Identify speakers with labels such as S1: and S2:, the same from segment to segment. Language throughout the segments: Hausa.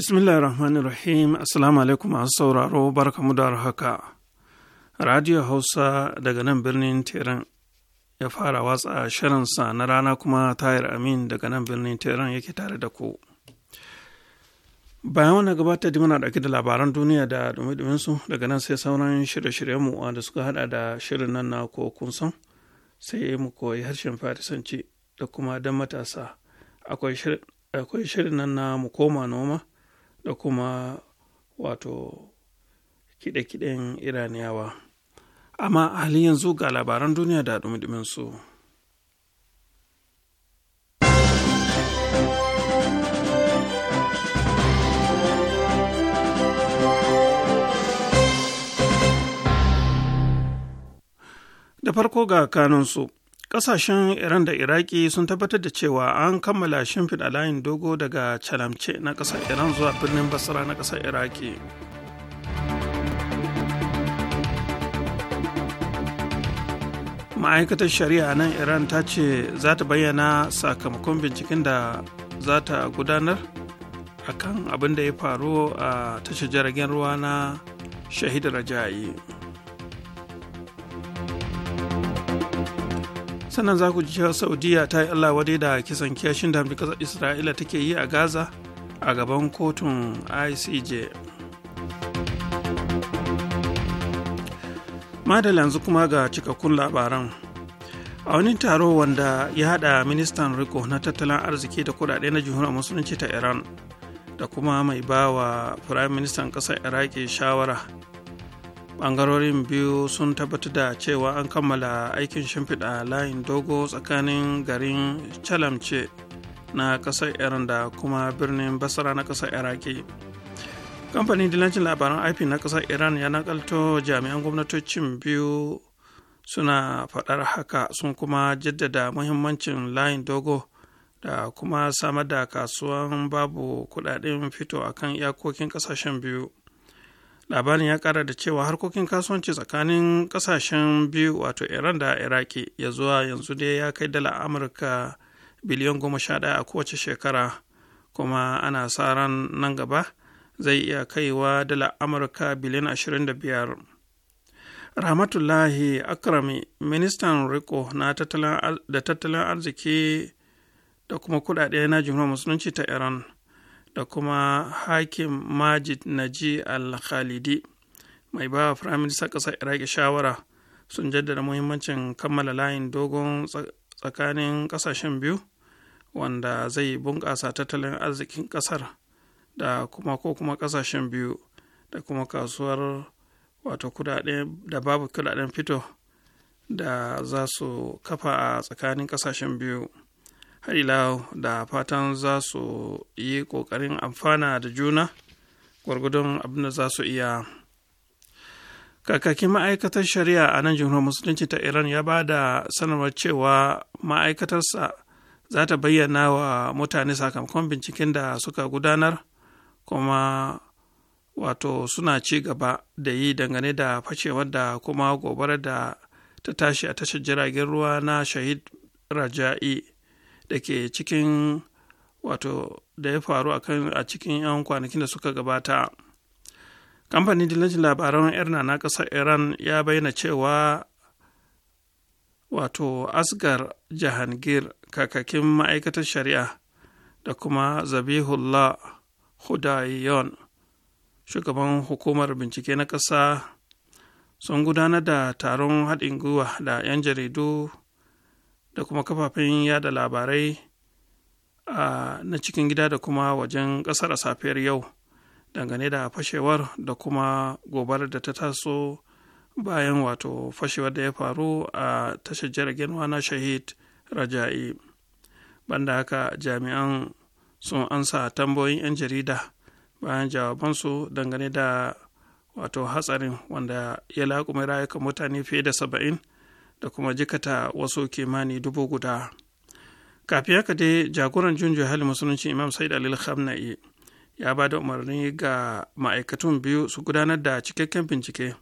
S1: bismillahir rahim assalamu alaikum masu sauraro barkamu da haka radio hausa daga nan birnin teran ya fara watsa shirinsa na rana kuma tayar amin daga nan birnin teran yake tare da ku bayan wannan gabata da muna ɗauke da labaran duniya da dumi su daga nan sai sauran shirye-shiryenmu wanda suka hada da shirin nan na ko kun san sai mu koyi harshen farisanci da kuma dan matasa akwai shirin nan na mu koma noma da kuma wato kide-kiden iraniyawa amma a halin yanzu ga labaran duniya da dumi su. da farko ga kanunsu Ƙasashen Iran da Iraki sun tabbatar da cewa an kammala shimfiɗa layin dogo daga Calamce na ƙasar Iran zuwa birnin Basra na ƙasar Iraki. Ma'aikatar Shari'a nan Iran ta ce za ta bayyana sakamakon binciken da za ta gudanar a kan abin da ya faru a tashar jiragen ruwa na Shahid Rajayi. sannan za ku ji cewa saudiya ta yi allah wadai da kisan kiyashin da kasar isra'ila take yi a gaza a gaban kotun icj madal yanzu kuma ga cikakkun labaran a wani taro wanda ya hada ministan riko na tattalin arziki da kudade na jihunan musulunci ta iran da kuma mai bawa firayim ministan kasar iraki shawara bangarorin biyu sun tabbatar da cewa an kammala aikin shimfiɗa layin dogo tsakanin garin calamce na ƙasar iran da kuma birnin basara na ƙasar iraki kamfanin dilancin labaran ip na ƙasar iran ya nakalto jami'an gwamnatocin biyu suna faɗar haka sun kuma jaddada muhimmancin layin dogo da kuma samar da kasuwan babu kudaden fito akan iyakokin ƙasashen biyu labarin ya kara da cewa harkokin kasuwanci tsakanin kasashen biyu wato iran da iraki ya zuwa yanzu dai ya kai dala amurka biliyan goma sha daya a kowace shekara kuma ana sa ran nan gaba zai iya kaiwa dala amurka biliyan ashirin da biyar rahmatullahi akrami ministan riko na tattalin arziki da kuma kudade na jumhuriyar musulunci ta iran da kuma hakim majid naji al-khalidi mai ba firaministan ƙasar iraki shawara sun jaddada muhimmancin kammala layin dogon tsakanin ƙasashen biyu wanda zai bunƙasa tattalin arzikin ƙasar da kuma ko kuma ƙasashen biyu da kuma kasuwar wato kudaden da babu kudaden fito da za su kafa a tsakanin ƙasashen biyu har ila da fatan za su yi ƙoƙarin amfana da juna gwargwadon abin da za su iya kakakin ma'aikatar shari'a a nan jihar musulunci ta iran ya ba da sanarwar cewa ma'aikatarsa za ta bayyana wa mutane sakamakon binciken da suka gudanar kuma wato suna ci gaba da yi dangane da fashewar da kuma gobara da ta tashi a tashar jiragen ruwa na shahid raja'i da ke cikin wato da ya faru a cikin 'yan kwanakin da suka gabata kamfanin dillancin labaran irna na ƙasar iran ya bayyana cewa wato asgar jahangir kakakin ma'aikatar shari'a da kuma zabihullah hudayon shugaban hukumar bincike na ƙasa sun gudanar da taron haɗin gwiwa da 'yan jaridu da kuma kafafen yada labarai na cikin gida da kuma wajen ƙasar a safiyar yau dangane da fashewar da kuma gobarar da ta taso bayan wato fashewar da ya faru a tashar jiragen wana shahid raja'i banda haka jami'an sun ansa tambayoyin 'yan jarida bayan jawabansu dangane da wato hatsarin wanda ya laƙume rayuka mutane fiye da saba'in da kuma jikata wasu kimani dubu guda kafin haka dai jagoran junjo hali musulunci imam said alil khamna'i ya ba da umarni ga ma'aikatun biyu su gudanar da cikakken bincike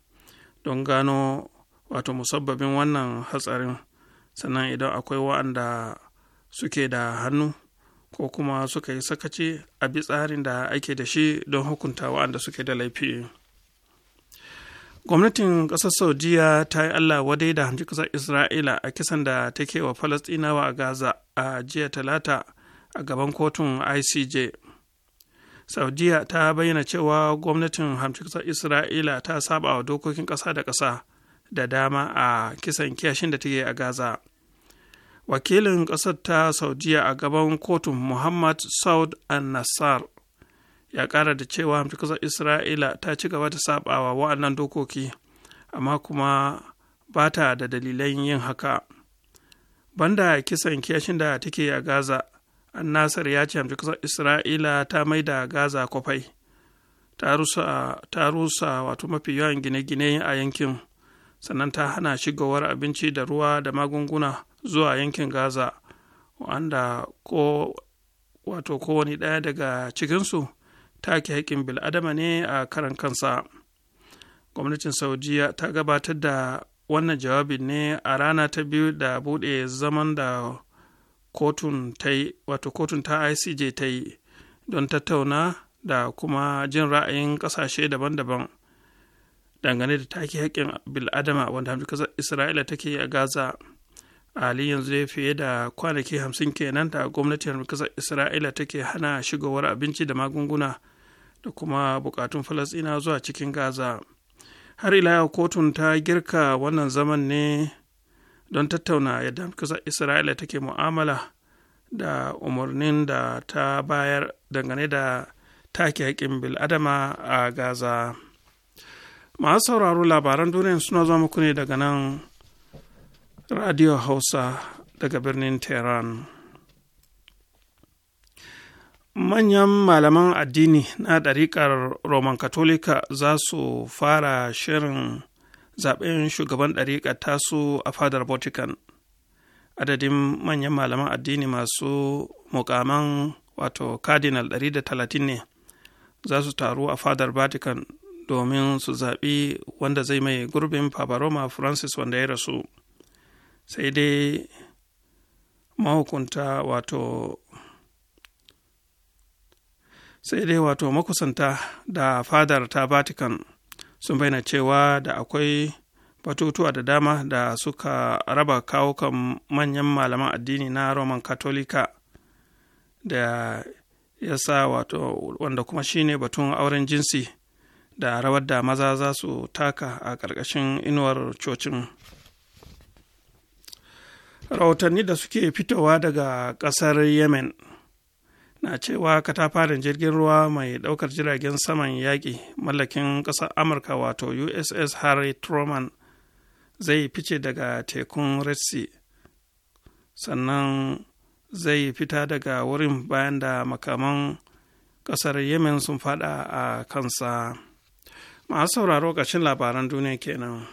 S1: don gano wato musabbabin wannan hatsarin sannan idan akwai wa'anda suke da hannu ko kuma suka yi sakaci a bi tsarin da ake da shi don hukunta wa'anda suke da laifi. gwamnatin ƙasar saudiya ta yi allah wadai da hamshi ƙasar isra'ila a kisan da ta wa falastinawa a gaza a jiya talata a gaban kotun icj saudiya ta bayyana cewa gwamnatin hamshi ƙasar isra'ila ta saba wa dokokin ƙasa da ƙasa da dama a kisan kiyashin da take a gaza wakilin ƙasar ta saudiya a gaban kotun muhammad saud an-nassar ya ƙara da cewa hamci isra'ila ta ci gaba da saɓawa wa'annan dokoki amma kuma ba ta da dalilan yin haka banda kisan kiyashin da take a gaza an nasar ya ce hamci isra'ila ta mai da gaza kwafai ta rusa wato mafi yawan gine-gine a yankin sannan ta hana shigowar abinci da ruwa da magunguna zuwa yankin gaza wanda ko wato kowane ɗaya daga cikinsu take haƙƙin bil'adama ne a karan kansa gwamnatin saudiya ta gabatar da wannan jawabin ne a rana ta biyu da buɗe zaman da kotun ta yi wato kotun ta icj ta yi don tattauna da kuma jin ra'ayin ƙasashe daban-daban dangane da take haƙƙin bil'adama wanda hamdukasar isra'ila take yi a gaza ali yanzu dai fiye da kwanaki hamsin kenan da gwamnatin kasar isra'ila take hana shigowar abinci da magunguna da kuma bukatun falasina zuwa cikin gaza har ila yau kotun ta girka wannan zaman ne don tattauna yadda kasar isra'ila take mu'amala da umarnin da ta bayar dangane da take haƙƙin bil'adama a gaza masu sauraro labaran duniya suna zuwa muku ne daga nan radio hausa daga birnin tehran manyan malaman addini na ɗariƙar roman katolika za su fara shirin zaɓen shugaban ɗariƙar tasu a fadar vatican adadin manyan malaman addini masu mukaman wato cardinal 130 ne za su taru a fadar vatican domin su zaɓi wanda zai mai gurbin papa roma francis wanda ya rasu sai dai mahukunta wato sai dai wato makusanta da fadar ta vatican sun bayyana cewa da akwai batutuwa da dama da suka raba kawukan manyan malaman addini na roman katolika da ya sa wato wanda kuma shine batun auren jinsi da rawar da maza za su taka a ƙarƙashin inuwar cocin rahotanni da suke fitowa daga ƙasar yemen na cewa katafaren jirgin ruwa mai ɗaukar jiragen saman yaƙi mallakin ƙasar amurka wato uss harry truman zai fice daga tekun red sea sannan zai fita daga wurin bayan da makaman ƙasar yemen sun fada a kansa masu sauraro ƙarshen labaran duniya kenan.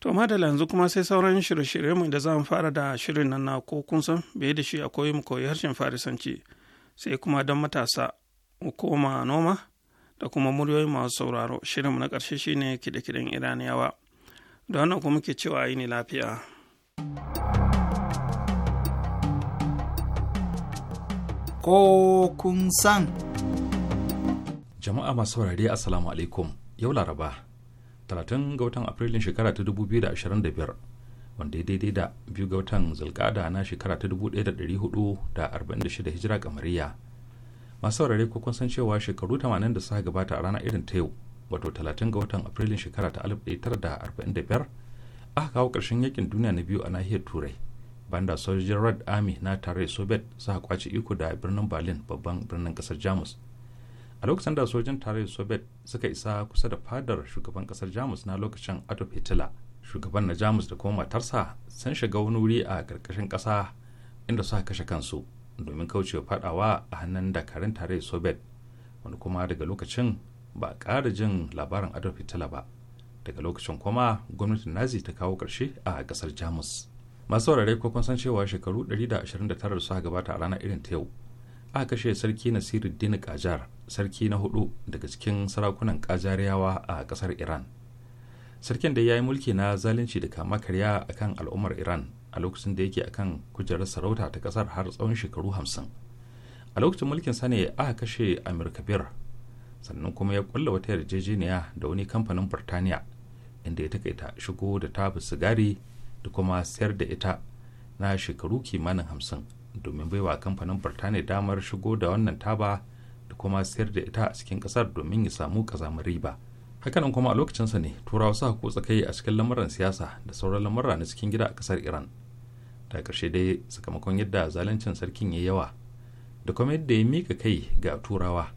S1: To madalla yanzu kuma sai sauran shirye-shiryenmu da za mu fara da shirin nan na ko kun san bai da shi akwai mu koyi harshen farisanci sai kuma don matasa mu koma noma da kuma muryoyi masu sauraro shirinmu na ƙarshe shine kide-kiden iraniyawa da wannan kuma muke cewa yi ne lafiya.
S2: ko kun san.
S3: Jama'a masu saurare Assalamu alaikum yau Laraba, 30 ga watan Afrilun shekara ta 2025 wanda ya daidai da biyu ga watan zulkada na shekara ta 1446 hijira kamariya. Masu saurare ko kun san cewa shekaru 80 da suka gabata a ranar irin ta yau, wato 30 ga watan Afrilun shekara ta 1945 aka kawo ƙarshen yakin duniya na biyu a nahiyar Turai. banda sojojin red army na tare soviet suka kwace iko da birnin berlin babban birnin kasar jamus a lokacin da sojojin tare soviet suka isa kusa da fadar shugaban kasar jamus na lokacin adolf hitler shugaban na jamus da kuma matarsa sun shiga wani wuri a karkashin kasa inda suka kashe kansu domin kaucewa fadawa a hannun dakarun tare soviet wani kuma daga lokacin ba a ƙara jin labarin adolf hitler ba daga lokacin kuma gwamnatin nazi ta kawo ƙarshe a ƙasar jamus masu saurare ko kun san cewa shekaru 129 da suka gabata a ranar irin ta yau aka kashe sarki dina kajar sarki na hudu daga cikin sarakunan kajariyawa a kasar iran sarkin da ya yi mulki na zalunci da kama karya a kan al'ummar iran a lokacin da yake kan kujerar sarauta ta kasar har tsawon shekaru hamsin a lokacin mulkin sa ne aka kashe amir kabir sannan kuma ya kulla wata yarjejeniya da wani kamfanin burtaniya inda ya takaita shigo da tabu sigari da kuma sayar da ita na shekaru kimanin hamsin domin baiwa kamfanin burtaniya damar shigo da wannan taba da kuma sayar da ita a cikin kasar domin ya samu kazamin riba hakanan kuma a lokacinsa ne turawa sa ko tsakai a cikin lamuran siyasa da sauran lamura na cikin gida a kasar iran da karshe dai sakamakon yadda zaluncin sarkin ya yawa da kuma yadda ya mika kai ga turawa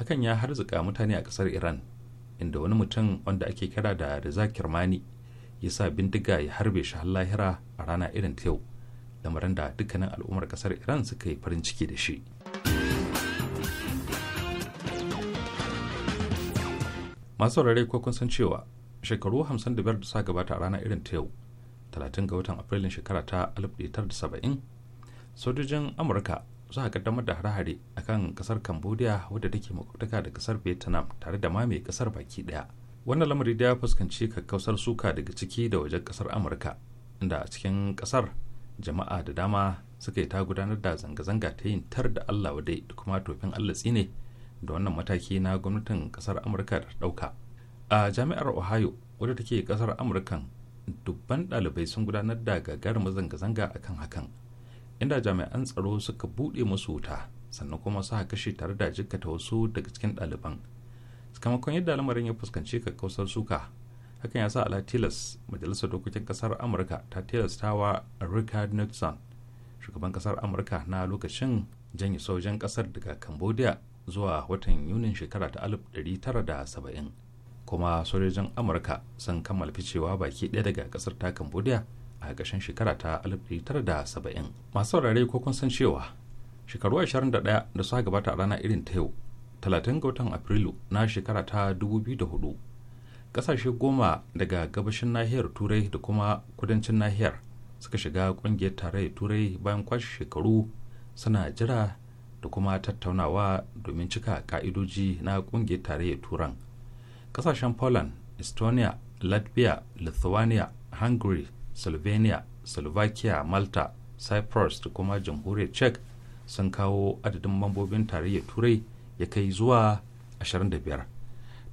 S3: hakan ya harzuka mutane a kasar iran inda wani mutum wanda ake kira da Reza Kirmani ya sa bindiga ya harbe shi har lahira a rana irin ta yau lamarin da dukkanin al'ummar kasar iran suka yi farin ciki da shi masu saurare ko kun san cewa shekaru 55 da suka gabata a rana irin ta yau 30 ga watan afrilun shekara ta 1970 sojojin amurka suka kaddamar da hare-hare kan kasar cambodia wadda take makwabtaka da kasar vietnam tare da mamaye kasar baki daya wannan lamari da ya fuskanci kakkausar suka daga ciki da wajen kasar amurka inda a cikin kasar jama'a da dama suka yi ta gudanar da zanga-zanga ta yin tar da allah wadai da kuma tofin allah tsine da wannan mataki na gwamnatin kasar amurka da dauka. a jami'ar ohio wadda take kasar amurkan dubban ɗalibai sun gudanar da gagarumin zanga-zanga akan hakan inda jami'an tsaro suka buɗe musu wuta sannan kuma suka kashe tare da jikkata wasu daga cikin ɗaliban sakamakon yadda lamarin ya fuskanci kausar suka hakan ya sa ala tilas majalisar dokokin kasar amurka ta tilastawa richard nixon shugaban kasar amurka na lokacin janye sojan kasar daga cambodia zuwa watan yunin shekara ta 1970 kuma sojojin amurka sun kammala ficewa baki ɗaya daga kasar ta cambodia a ƙarshen shekara ta 1970 masu saurare ko kun san cewa shekaru 21 da suka gabata a rana irin ta yau 30 ga watan afrilu na shekara ta 2004 kasashe goma daga gabashin nahiyar turai da kuma kudancin nahiyar suka shiga kungiyar tarayyar turai bayan kwashe shekaru suna jira da kuma tattaunawa domin cika ka'idoji na kungiyar tarayyar turan kasashen poland estonia latvia lithuania hungary slovenia slovakia malta cyprus da kuma jamhuriyar czech sun kawo adadin mambobin tarayyar turai ya kai zuwa 25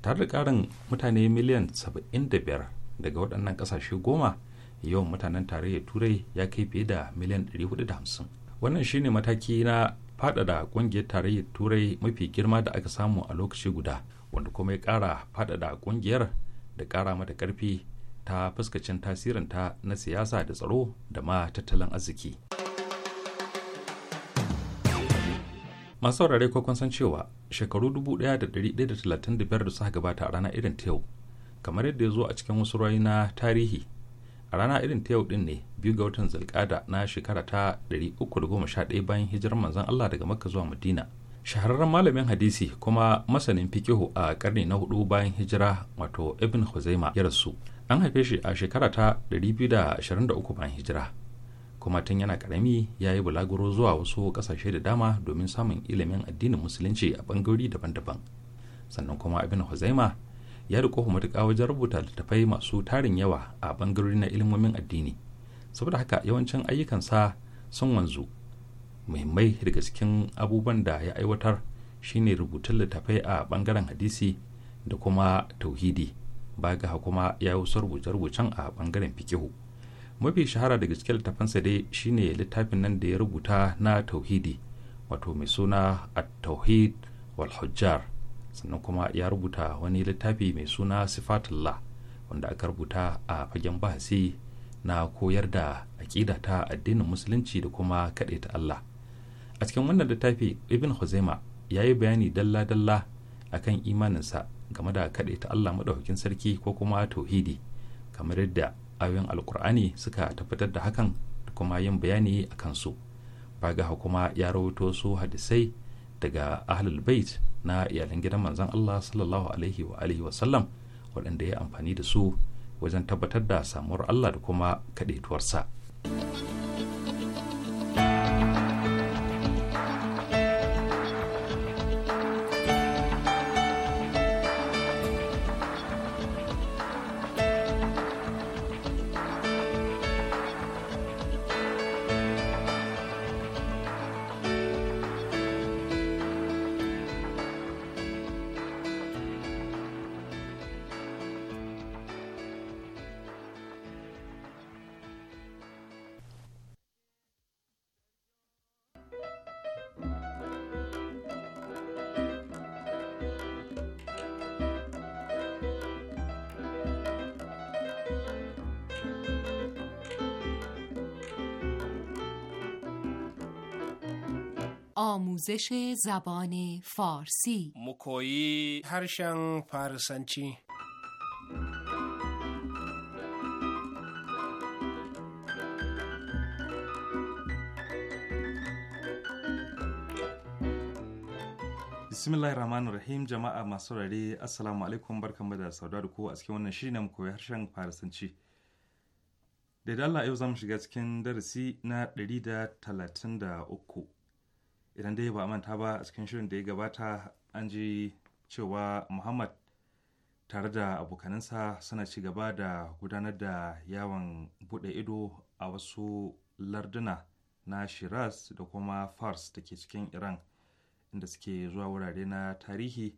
S3: tare da ƙarin mutane miliyan 75 daga waɗannan ƙasashe goma yawan mutanen tarayyar turai ya kai fiye da miliyan 450 wannan shine mataki na faɗaɗa ƙungiyar tarayyar turai mafi girma da aka samu a lokaci guda wanda kuma ya ƙara faɗaɗa ƙungiyar da ƙara mata ƙarfi ta fuskacin tasirinta na siyasa da tsaro da ma tattalin arziki. masu saurare ko kun san cewa shekaru 1135 da suka gabata a rana irin tayau kamar yadda ya zo a cikin wasu rayu na tarihi a rana irin tayau yau din ne biyu ga watan zulkada na shekara ta 311 bayan hijirar manzon Allah daga makka zuwa madina shahararren malamin hadisi kuma masanin fikihu a karni na hudu bayan hijira wato ibn huzaima ya rasu an haife shi a shekara ta 223 bayan hijira kuma tun yana karami ya yi bulaguro zuwa wasu kasashe da dama domin samun ilimin addinin musulunci a bangarori daban-daban sannan kuma abin huzaima ya riko matuƙa wajen rubuta littattafai masu tarin yawa a bangarori na ilimomin addini saboda haka yawancin ayyukansa sun wanzu muhimmai daga cikin abubuwan da ya aiwatar shine rubutun littattafai a bangaren hadisi da kuma tauhidi ga kuma ya yi wasu rubuce-rubucen a bangaren fikihu mafi shahara daga cikin littafansa dai shine littafin nan da ya rubuta na tauhidi wato mai suna at-tauhid wal sannan kuma ya rubuta wani littafi mai suna sifatullah wanda aka rubuta a fagen bahasi na koyar da aƙida ta addinin musulunci da kuma kaɗe ta Allah a cikin wannan littafi ibn Huzaima ya yi bayani dalla-dalla akan imaninsa game da kaɗe ta Allah maɗaukakin sarki ko kuma tauhidi kamar yadda ayoyin alkur'ani suka tabbatar da hakan da kuma yin bayani a kansu ga kuma ya rawaito su hadisai daga ahlul bait na iyalan gidan manzon Allah sallallahu alaihi wa alihi wa sallam waɗanda ya amfani da su wajen tabbatar da samuwar Allah da kuma sa
S4: آموزش زبان فارسی
S5: harshen هرشن فارسنچی
S3: bismillahir rahmanir rahim jama'a masu rare assalamu alaikum barkan da sauda da ku a cikin wannan shiri na koyi harshen farisanci da Allah yau zamu shiga cikin darasi na 133 idan dai ba a manta ba a cikin shirin da ya gabata an ji cewa muhammad tare da abokanansa suna ci gaba da gudanar da yawon bude ido a wasu larduna na shiraz da kuma fars da ke cikin iran inda suke zuwa wurare na tarihi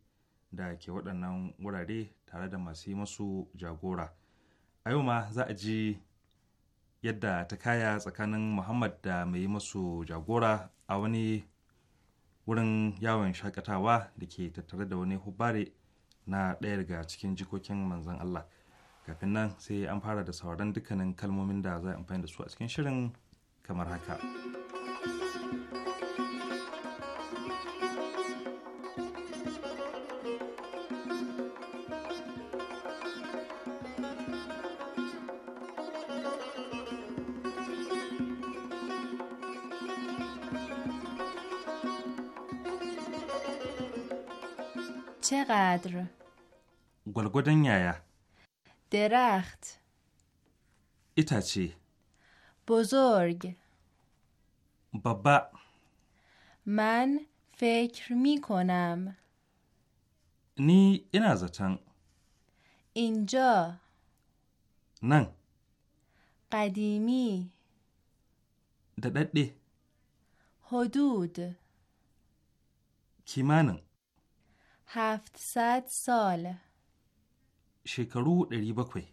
S3: da ke waɗannan wurare tare da masu yi masu jagora a yau ma za a ji yadda ta kaya tsakanin muhammad da mai yi masu jagora a wani wurin yawon shakatawa da ke tattare da wani hubare na ɗaya daga cikin jikokin manzan Allah kafin nan sai an fara da sauran dukkanin kalmomin da za a amfani da su a cikin shirin kamar haka. قدر گلگودن یایا
S4: درخت ایتاچی بزرگ بابا من فکر می کنم
S3: نی این از
S4: اینجا نن قدیمی دددی حدود کیمانن هفتصد سال
S3: شکرو دری بکوی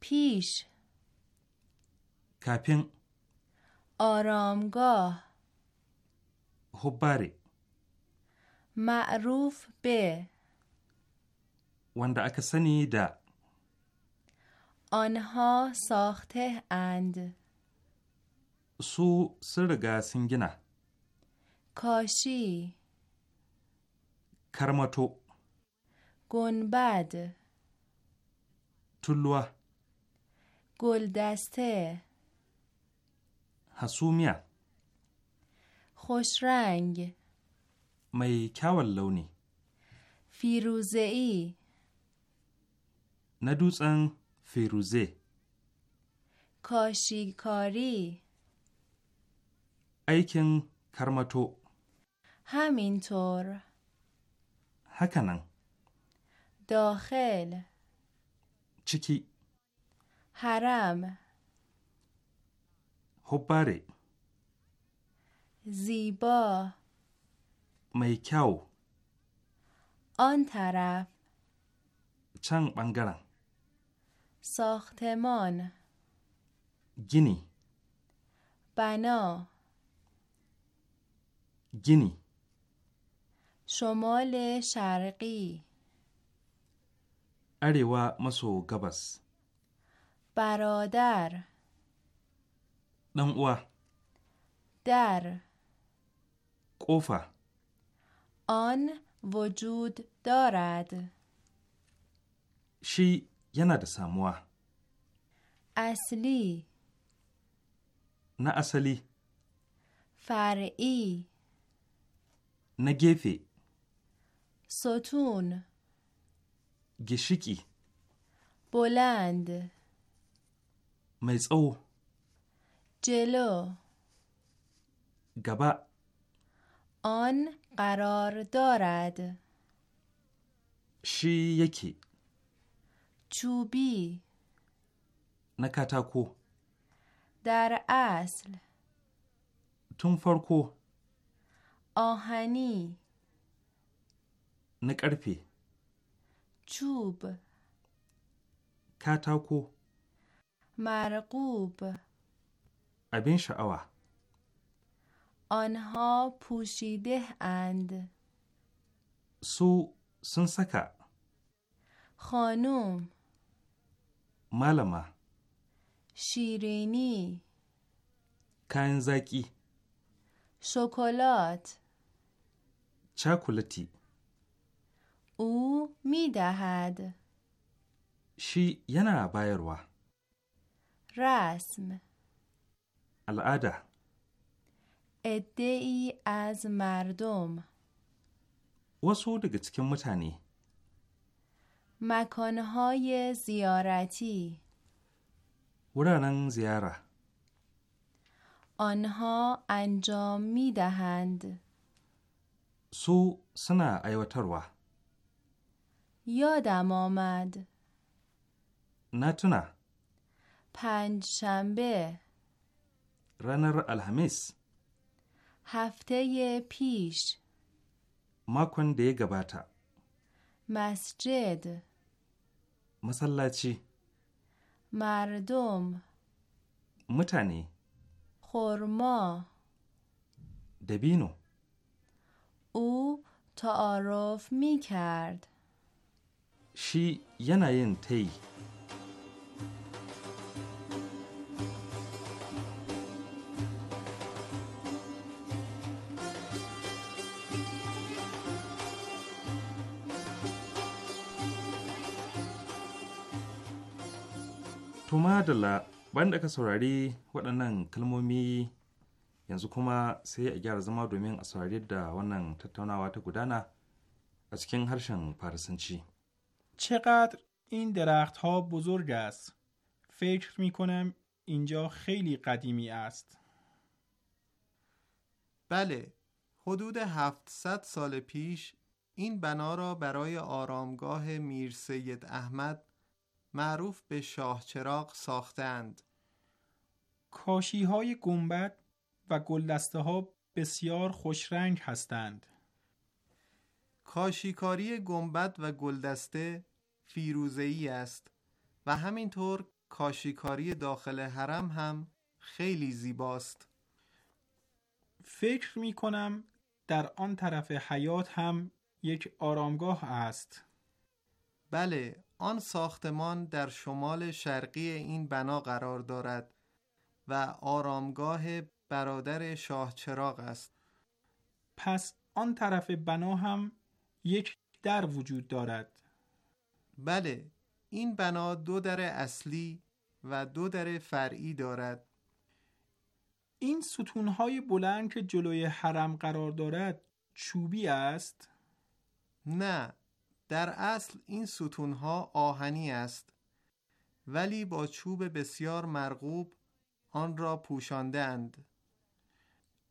S4: پیش کپین آرامگاه حباری معروف به
S3: وند اکسنی دا
S4: آنها ساخته اند
S3: سو سرگا سنگنه
S4: کاشی
S3: karmato.
S4: Gunbad. Tulluwa. Goldaste.
S3: Hasumiya.
S4: Khushrang.
S3: Mai kyawun launi.
S4: Firuze'i.
S3: Na dutsen firuze.
S4: Kashikari.
S3: Aikin karmato.
S4: Hamintor. Hamintor. هکنن داخل چکی حرم حباره زیبا
S3: میکاو
S4: آن طرف
S3: چنگ بنگرن
S4: ساختمان گینی بنا گینی شمال شرقی
S3: اریوا مسو گبس
S4: برادر دنوا در قوفا آن وجود دارد
S3: شی ینا د
S4: اصلی
S3: نه اصلی
S4: فرعی نه ستون گشیکی بلند مزعو جلو گبا آن قرار دارد
S3: شی یکی
S4: چوبی
S3: نکتاکو
S4: در اصل تون آهنی نکرپی چوب کاتاکو مرقوب
S3: ابین شعوا
S4: آنها پوشیده اند
S3: سو سنسکا
S4: خانوم مالما شیرینی
S3: کنزکی
S4: شکلات
S3: چاکولتی
S4: او می دهد
S3: شی ینا بایروا
S4: رسم العاده ای از مردم
S3: وسو دیگه چکم متانی
S4: مکانهای زیارتی
S3: ورانن زیاره
S4: آنها انجام می دهند
S3: سو سنا و
S4: یادم آمد نتونه پنج شنبه
S3: رنر الهمیس
S4: هفته پیش
S3: ماکن ده گباتا
S4: مسجد
S3: مسلاچی
S4: مردم
S3: متنی
S4: خورما. دبینو او تعارف می کرد
S3: shi yana yin yi. Tuma da la bayan da saurari waɗannan kalmomi yanzu kuma sai a gyara zama domin a saurari da wannan tattaunawa ta gudana a cikin harshen farisanci.
S6: چقدر این درخت ها بزرگ است فکر می کنم اینجا خیلی
S7: قدیمی است بله حدود 700 سال پیش این بنا را برای آرامگاه میر سید احمد معروف به شاه چراغ ساختند
S6: کاشی های گنبد و گلدسته ها بسیار خوشرنگ هستند
S7: کاشیکاری گنبد و گلدسته فیروزه‌ای است و همینطور کاشیکاری داخل حرم هم خیلی زیباست فکر می کنم در آن طرف حیات هم یک آرامگاه است بله آن ساختمان در شمال شرقی این بنا قرار دارد و آرامگاه برادر شاه چراغ است پس
S6: آن طرف بنا هم یک در وجود دارد بله این بنا دو در اصلی و دو در فرعی دارد این ستونهای بلند که جلوی حرم قرار دارد
S7: چوبی است؟ نه در اصل این ستونها آهنی است ولی با چوب بسیار مرغوب آن را پوشاندند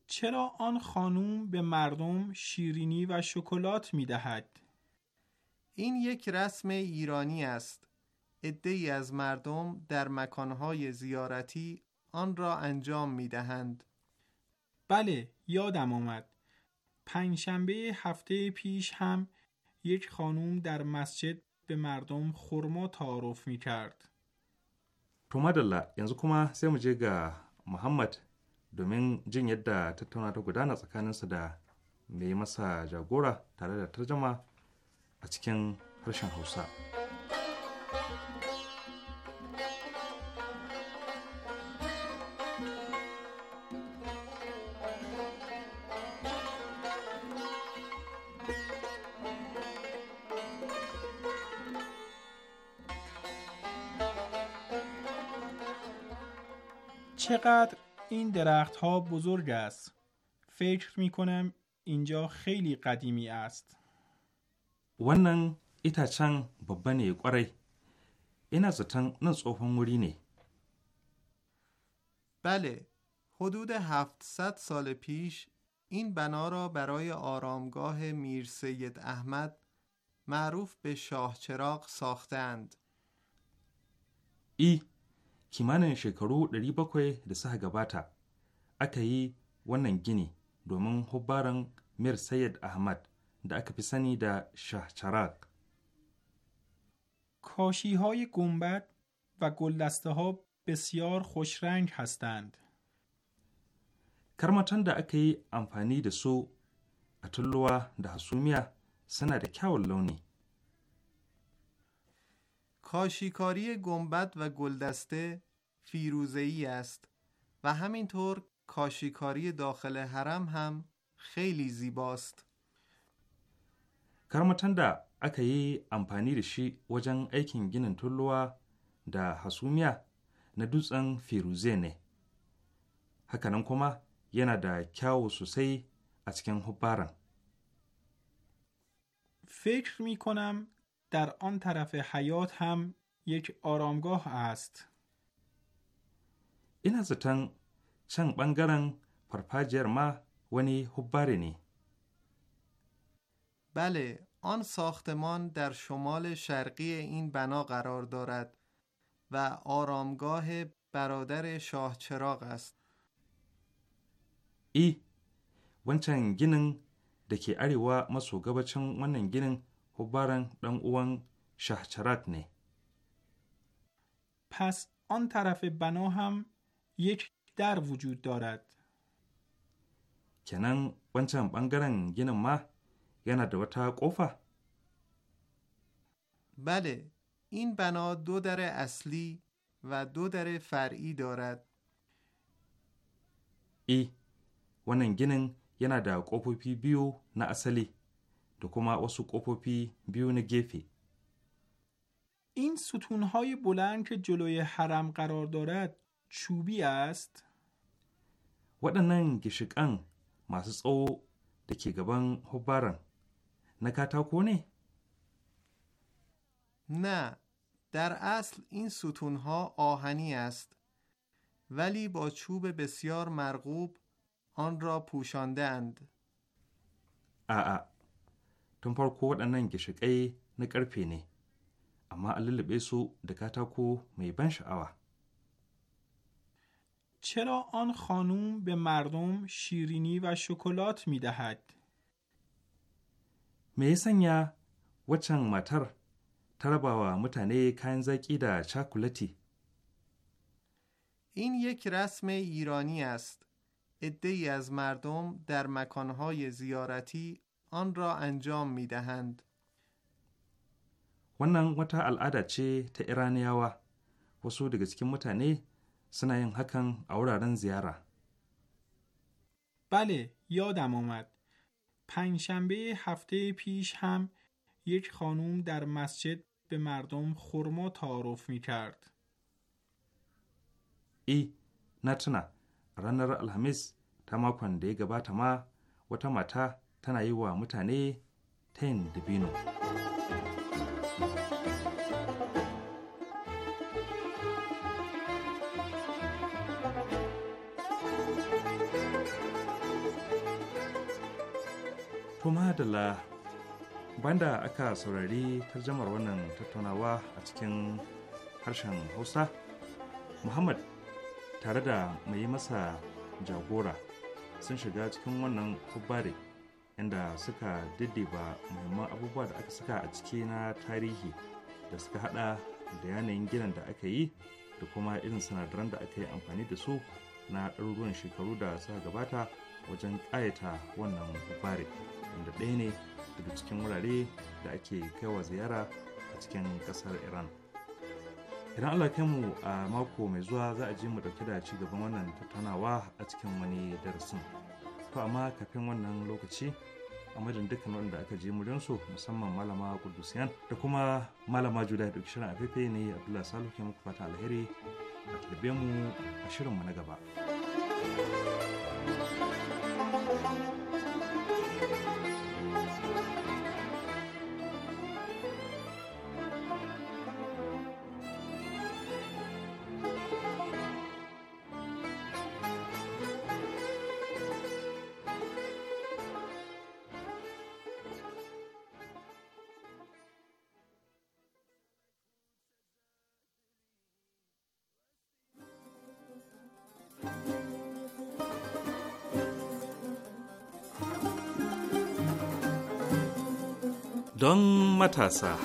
S7: چرا آن خانوم به مردم شیرینی و شکلات می دهد؟ این یک رسم ایرانی است ای از مردم در مکانهای زیارتی آن را انجام می دهند بله یادم آمد
S6: پنجشنبه هفته پیش هم یک خانوم در مسجد به مردم خورما تعارف می کرد
S3: تو الله ینزو کما سیم مجه محمد دومین جن یدda tattauna تا گدان می جاگورا a cikin harshen
S6: چقدر این درخت ها بزرگ است فکر می کنم اینجا خیلی قدیمی است
S3: wannan itacen
S7: بله حدود 700 سال پیش این بنا را برای آرامگاه میر سید احمد معروف به شاه ساخته ساختند
S3: ای کیمان شکرو دری بکوی رسه گباتا اکایی ونن گینی دومن حبارن میر سید احمد da aka fi sani da شهچرق
S6: کاشی های گنبد و گلدسته ها بسیار رنگ هستند.
S3: کرماتن da aka yi amfani da su a tulluwa da
S7: کاشیکاری گنبد و گلدسته فیروزه‌ای است و همینطور کاشیکاری داخل حرم هم خیلی زیباست.
S3: Karmatan da aka yi amfani da shi wajen aikin ginin tulluwa da hasumiya na dutsen firuze ne. Hakanan kuma yana da kyawu sosai a cikin hubbaran.
S6: فکر mi کنم dar آن طرف حیات ham یک آرامگاه ast ina zaton
S3: can bangaren farfajiyar ma wani hubbare ne
S7: بله آن ساختمان در شمال شرقی این بنا قرار دارد و آرامگاه برادر شاه چراغ است
S3: ای ونچن گینن دکی اریوا مسو گبچن ونن گینن حبارن دن اون شاه چراغ نه
S6: پس آن طرف بنا هم یک در وجود دارد
S3: کنن ونچن بانگرن گینن ما یعنی دو تا قفه؟
S7: بله این بنا دو در اصلی و دو در فرعی دارد
S3: ای wannan ginin yana da ƙofofi biyu na asali da kuma wasu ƙofofi biyu na gefe.
S6: این ستونهای بلند که جلوی حرم قرار دارد چوبی است؟
S3: waɗannan gishikan masu tsawo da ke gaban hubbaran نه کتاکو
S7: نه؟ در اصل این ستون ها آهنی است ولی با چوب بسیار مرغوب آن را پوشانده اند
S3: تون تون farko کود انن na ای ne اما اما lullube د دکاتا کو می
S6: چرا آن خانوم به مردم شیرینی و شکلات می دهد؟
S3: me ya sanya waccan matar ta raba wa mutane kayan zaƙi da cakuleti
S7: این یک رسم ایرانی است. عده از مردم در مکانهای زیارتی آن را انجام می دهند.
S3: wannan wata al'ada ce ta iraniyawa wasu daga cikin mutane suna yin hakan a wuraren ziyara.
S6: bale yadam omad پنجشنبه هفته پیش هم یک خانوم در مسجد به مردم خرما تعارف می کرد.
S3: ای نتنا رانر الهمیس تما کنده گبا تما و تما تا تنایی و To madalla banda aka saurari tarjamar wannan tattaunawa a cikin harshen Hausa, Muhammad tare da mai masa jagora sun shiga cikin wannan kubbare inda suka diddiba muhimman abubuwa da aka saka a ciki na tarihi da suka hada da yanayin ginin da aka yi da kuma irin sinadaran da aka yi amfani da su na ɗaruruwan shekaru da suka gabata wajen ƙayata wannan bari inda ɗaya ne daga cikin wurare da ake kaiwa ziyara a cikin ƙasar iran idan allah kai mu a mako mai zuwa za a je mu ɗauke da ci gaban wannan tattaunawa a cikin wani darasin to amma kafin wannan lokaci a madadin dukkan wanda aka je muryansu musamman malama kudusiyan da kuma malama juda da shirin afefe ne abdullahi salu ke muku fata alheri a tarbe mu a shirin mu na gaba. thank you matasa.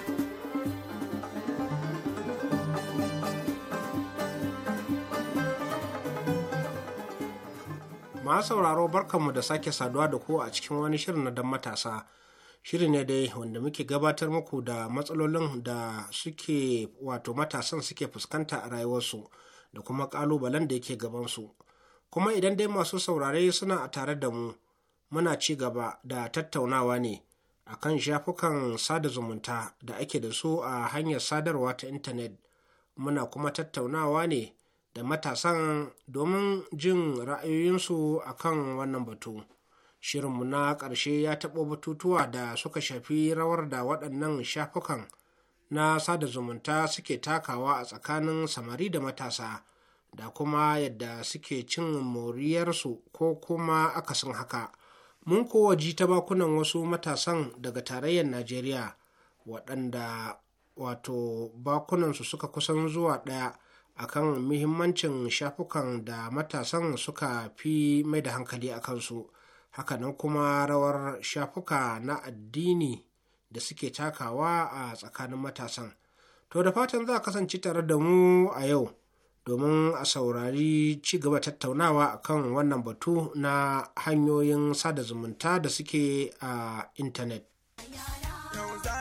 S5: Ma sauraro barkanmu da sake saduwa da ku a cikin wani shirin na dan matasa. Shiri ne dai wanda muke gabatar muku da matsalolin da suke wato matasan suke fuskanta a rayuwarsu da kuma kalubalen da yake gabansu. Kuma idan dai masu saurare suna a tare da mu, muna ci gaba da tattaunawa ne. a kan shafukan sada zumunta da ake da su a hanyar sadarwa ta intanet muna kuma tattaunawa ne da matasan domin jin ra'ayoyinsu a kan wannan batu shirinmu na ƙarshe ya taɓo batutuwa da suka shafi rawar da waɗannan shafukan na sada zumunta suke takawa a tsakanin samari da matasa da kuma yadda suke cin moriyarsu ko kuma akasin haka. mun kowa ji ta bakunan wasu matasan daga tarayyar najeriya waɗanda wato bakunansu suka kusan zuwa ɗaya akan muhimmancin shafukan da matasan suka fi mai da hankali a kansu hakanan kuma rawar shafuka na addini da suke takawa a tsakanin matasan to da fatan za a kasance tare da mu a yau domin a saurari ci gaba tattaunawa akan wannan batu na hanyoyin sada zumunta da suke a intanet.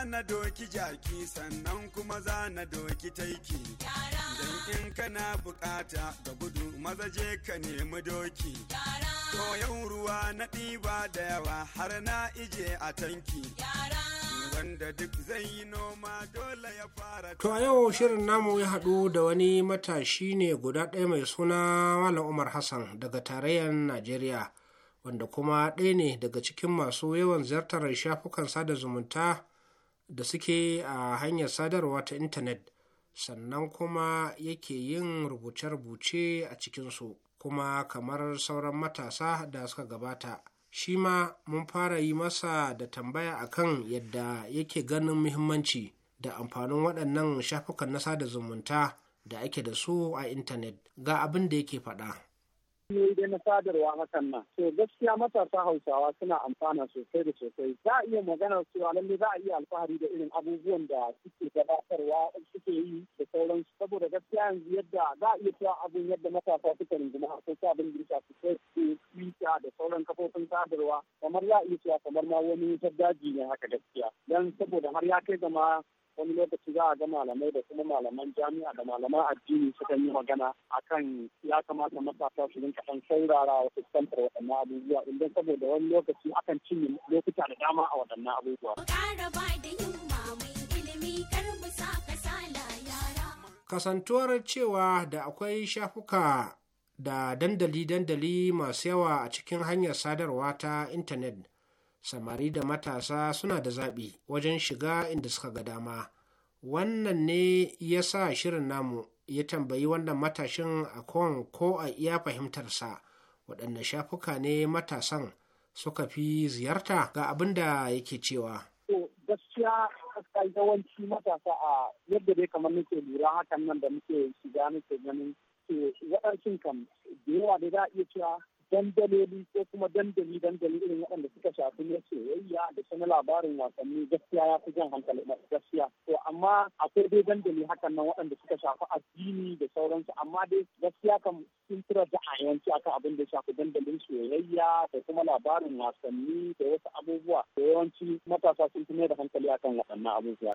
S8: na doki jaki sannan kuma za na doki taiki don in kana bukata ga gudu maza je ka nemi doki to yau ruwa na ɗiba da yawa har na ije a tanki wanda duk zai yi noma dole ya fara to a
S5: yau shirin namu ya haɗu da wani matashi ne guda ɗaya mai suna malam umar hassan daga tarayyar najeriya wanda kuma ɗaya ne daga cikin masu yawan ziyartar shafukan sada zumunta da suke a hanyar sadarwa ta intanet sannan kuma yake yin rubuce-rubuce a cikinsu kuma kamar sauran matasa da suka gabata shi ma mun fara yi masa da tambaya akan yadda yake ganin muhimmanci da amfanin waɗannan shafukan na sada zumunta da ake da su a intanet ga abin da yake faɗa.
S9: hanyoyi dai na sadarwa hakan nan to gaskiya matasa hausawa suna amfana sosai da sosai za a iya magana cewa lalle za a iya alfahari da irin abubuwan da suke gabatarwa suke yi da sauransu saboda gaskiya yanzu yadda za a iya cewa abin yadda matasa suka rungumi harkokin abin girka su sai twitter da sauran kafofin sadarwa kamar za a iya cewa kamar ma wani ta daji ne haka gaskiya dan saboda har ya kai gama wani lokaci za a ga malamai da kuma malaman jami'a da malaman addini sukan yi magana akan ya kamata matasa su rinka ɗan saurara wa fuskantar waɗannan abubuwa idan saboda wani lokaci akan cinye lokuta da dama a waɗannan abubuwa.
S5: Kasantuwar cewa da akwai shafuka da dandali-dandali masu yawa a cikin hanyar sadarwa ta intanet samari da matasa suna da zaɓi wajen shiga inda suka ga dama wannan ne ya sa shirin namu ya tambayi wannan matashin a kon ko a iya fahimtarsa waɗanne shafuka ne matasan suka fi ziyarta ga abin da yake cewa
S9: gaskiya yawanci matasa a yadda dai kamar nake lura hakan nan da muke shiga nake ganin waɗancin kan da yawa da za a iya cewa dandaloli ko kuma dandali dandali irin waɗanda suka shafi na soyayya da sani labarin wasanni gaskiya ya fi jan hankali gaskiya to amma akwai dai dandali hakan nan waɗanda suka shafi addini da sauransu amma dai gaskiya kan sun tura da ayanci akan abin da shafi dandalin soyayya da kuma labarin wasanni da wasu abubuwa da yawanci matasa sun fi mai da hankali akan waɗannan abubuwa.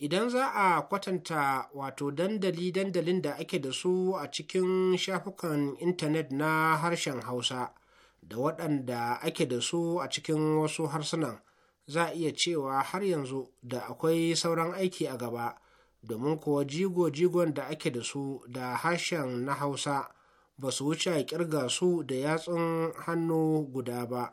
S5: idan za a kwatanta wato dandali dandalin da ake da su a cikin shafukan intanet na harshen hausa da waɗanda ake da su a cikin wasu harsunan za a iya cewa har yanzu da akwai sauran aiki a gaba domin kuwa jigo-jigon da ake da su da harshen na hausa ba su wuce a kirga su da yatsun hannu guda ba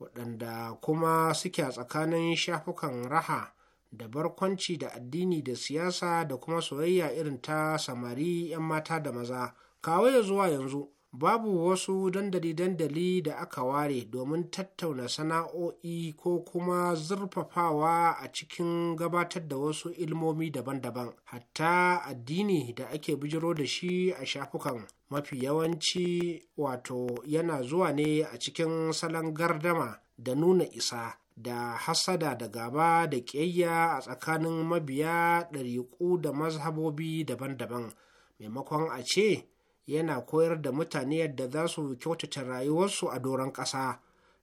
S5: waɗanda kuma suke a tsakanin shafukan raha da barkwanci da addini da siyasa da kuma soyayya irin ta samari 'yan mata da maza kawo ya zuwa yanzu babu wasu dandali-dandali da aka ware domin tattauna sana'o'i ko kuma zurfafawa a cikin gabatar da wasu ilmomi daban-daban hatta addini da ake bijiro da shi a shafukan mafi yawanci wato yana zuwa ne a cikin salon gardama da nuna isa da hasada da gaba da ƙiyayya a tsakanin mabiya ɗariƙu da mazhabobi daban-daban maimakon a ce yana koyar da mutane yadda za su kyautata rayuwarsu a doron ƙasa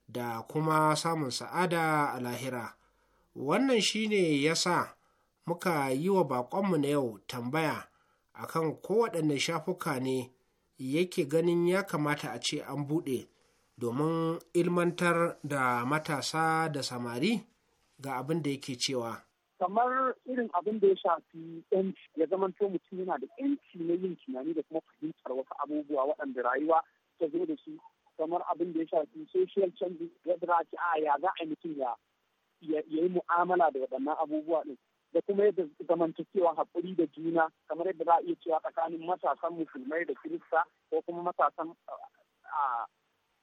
S5: da kuma samun sa'ada a lahira wannan shine ya sa muka yi wa baƙonmu na yau tambaya akan kowaɗanne shafuka ne yake ganin ya kamata a ce an buɗe domin ilmantar da matasa da samari ga abin da yake cewa.
S9: kamar irin abin da ya shafi yanci ya zama to mutum yana da yanci na yin tunani da kuma fahimtar wasu abubuwa waɗanda rayuwa ta zo da su kamar abin da ya shafi social change ya za a ya za a mutum ya yi mu'amala da waɗannan abubuwa ɗin da kuma yadda zamantakewa haƙuri da juna kamar yadda za a iya cewa tsakanin matasan musulmai da kirista ko kuma matasan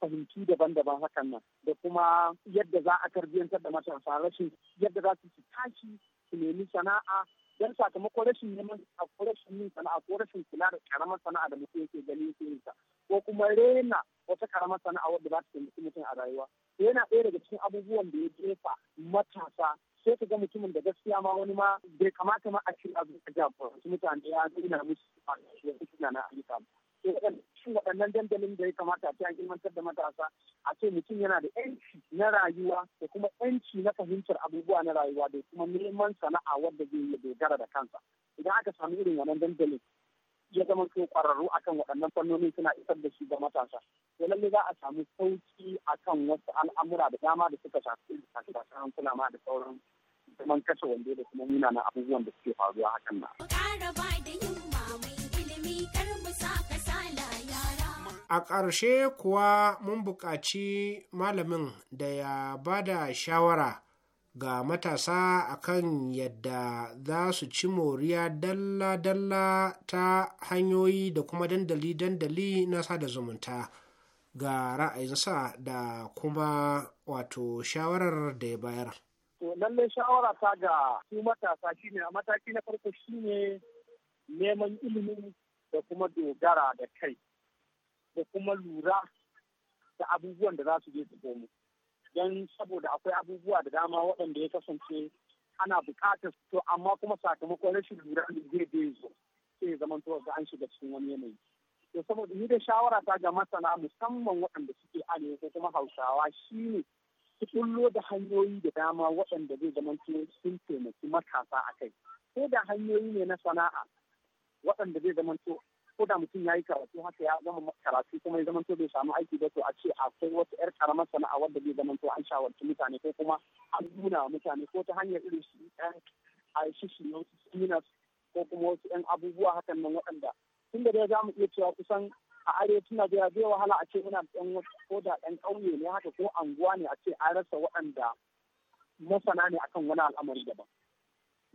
S9: fahimci daban-daban hakan nan da kuma yadda za a tarbiyyantar da matasa rashin yadda za su tashi su nemi sana'a don sakamakon rashin neman a rashin yin sana'a ko rashin kula da karamar sana'a da mutum yake gani yake yin sa, ko kuma rena wata karamar sana'a wadda za ta taimaki mutum a rayuwa yana ɗaya daga cikin abubuwan da ya jefa matasa sai ka ga mutumin da gaskiya ma wani ma bai kamata ma a cikin abin da jagoranci mutane ya nuna musu a cikin na ayyuka ba cikin waɗannan dandalin da ya kamata a cikin ilmantar da matasa a ce mutum yana da yanci na rayuwa da kuma yanci na fahimtar abubuwa na rayuwa da kuma neman sana'a wadda zai yi dogara da kansa idan aka samu irin wannan dandalin ya zama ko kwararru akan waɗannan fannoni suna isar da shi ga matasa to lalle za a samu sauki akan wasu al'amura da dama da suka shafi kasashen kula ma da sauran zaman kashe wanda da kuma munanan abubuwan da suke faruwa hakan na.
S5: a ƙarshe kuwa mun buƙaci malamin da ya ba da shawara ga matasa akan yadda za su ci moriya dalla-dalla ta hanyoyi da kuma dandali-dandali na sada zumunta ga ra'ayinsa da kuma wato shawarar da ya bayar.
S9: lallai shawara ta ga su matasa shine a mataki na farko shi ne neman ilimin da kuma dogara da kai da kuma lura da abubuwan da za su je su komo don saboda akwai abubuwa da dama waɗanda ya kasance ana buƙatar to amma kuma sakamakon rashin lura ne zai bai zo sai zaman to ga an shiga cikin wani yanayi to saboda ni da shawara ta ga masana musamman waɗanda suke ane ko kuma hausawa shine su kullo da hanyoyi da dama waɗanda zai zaman sun taimaki matasa a kai ko da hanyoyi ne na sana'a waɗanda zai zaman ko da mutum ya yi karatu haka ya zama karatu kuma ya zamanto bai samu aiki ba to a ce akwai wata yar karamar sana'a wadda zai zamanto an shawarci mutane ko kuma an nuna mutane ko ta hanyar irin su a shi shi ko kuma wasu yan abubuwa hakan nan waɗanda tun da dai za mu iya cewa kusan a arewacin da zai wahala a ce muna ɗan ko da ɗan ƙauye ne haka ko anguwa ne a ce an rasa waɗanda masana ne akan wani al'amari daban.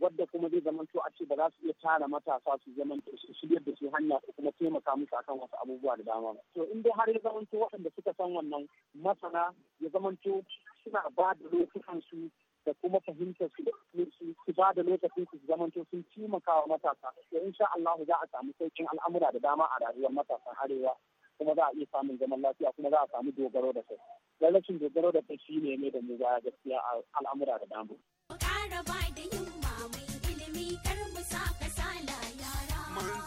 S9: wadda kuma zai zamanto a ce ba za su iya tara matasa su zamanto su shigar da su hanya ko kuma taimaka musu akan wasu abubuwa da dama ba to in dai har ya watan waɗanda suka san wannan masana ya zamanto suna ba da lokutan su da kuma fahimtar su su ba da lokacin su zamanto sun taimaka wa matasa to insha Allah za a samu sauƙin al'amura da dama a rayuwar matasan arewa kuma za a iya samun zaman lafiya kuma za a samu dogaro da kai don rashin dogaro da kai shine ne da mu baya gaskiya al'amura da dama.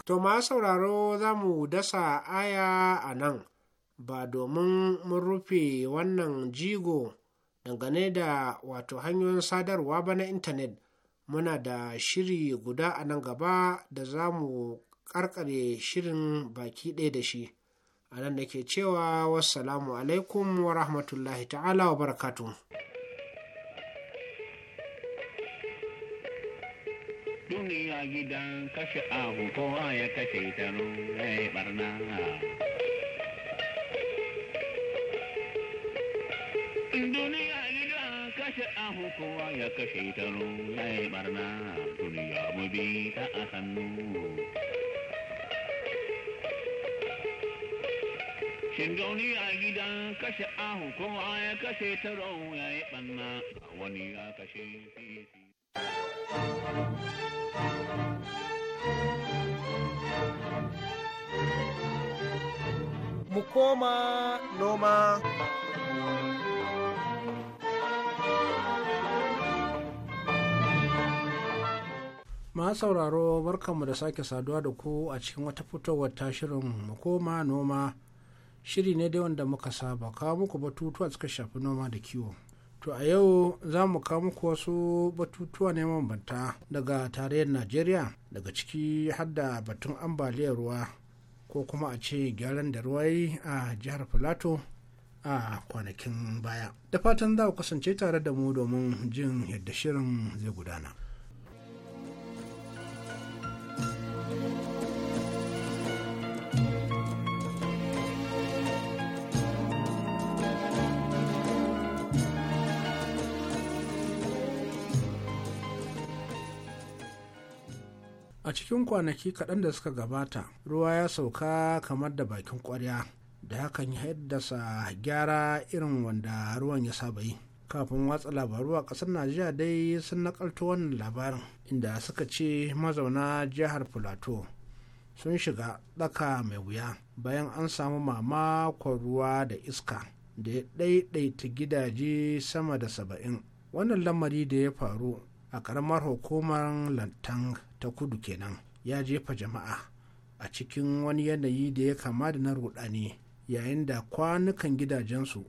S5: toma sauraro za mu dasa aya a nan ba domin mun rufe wannan jigo dangane da wato hanyoyin sadarwa ba na intanet muna da shiri guda a nan gaba da za mu karkare shirin baki ɗaya da shi a nan da ke cewa wassalamu alaikum wa rahmatullahi ta'ala wa barakatu
S10: duniya gidan kashe abu kowa ya kashe ta ruwa barna duniya gidan
S11: kashe ahu kowa ya
S10: kashe ta ruwa barna duniya mu bi ta a hannu Shin gauni a gidan
S11: kashe ahu kowa ya kashe ta ya yi ɓanna wani ya kashe fiye
S12: Mu koma noma.
S5: ma sauraro barkanmu da sake saduwa da ku a cikin wata fitowar tashirin mu koma noma shiri ne dai wanda muka saba kawo muku batutuwa suka shafi noma da kiwo to a yau za mu kawo muku wasu batutuwa ne mabanta daga tarayyar najeriya daga ciki hadda batun ambaliyar ruwa ko kuma a ce gyaran da ruwa yi a jihar filato a kwanakin baya da fatan za ku kasance tare da mu domin jin yadda shirin zai gudana a cikin kwanaki kaɗan da suka gabata ruwa ya sauka kamar da bakin ƙwarya da hakan ya haddasa gyara irin wanda ruwan ya saba yi kafin watsa labaru a ƙasar najeriya dai sun nakalto wannan labarin inda suka ce mazauna jihar plateau sun shiga tsaka mai wuya bayan an samu mamakon ruwa da iska da ya ɗaiɗaita gidaje sama da saba'in wannan lamari da ya faru a karamar hukumar lantan ta kudu kenan ya jefa jama'a a cikin wani yanayi da ya kama da na rudani yayin da kwanukan gidajensu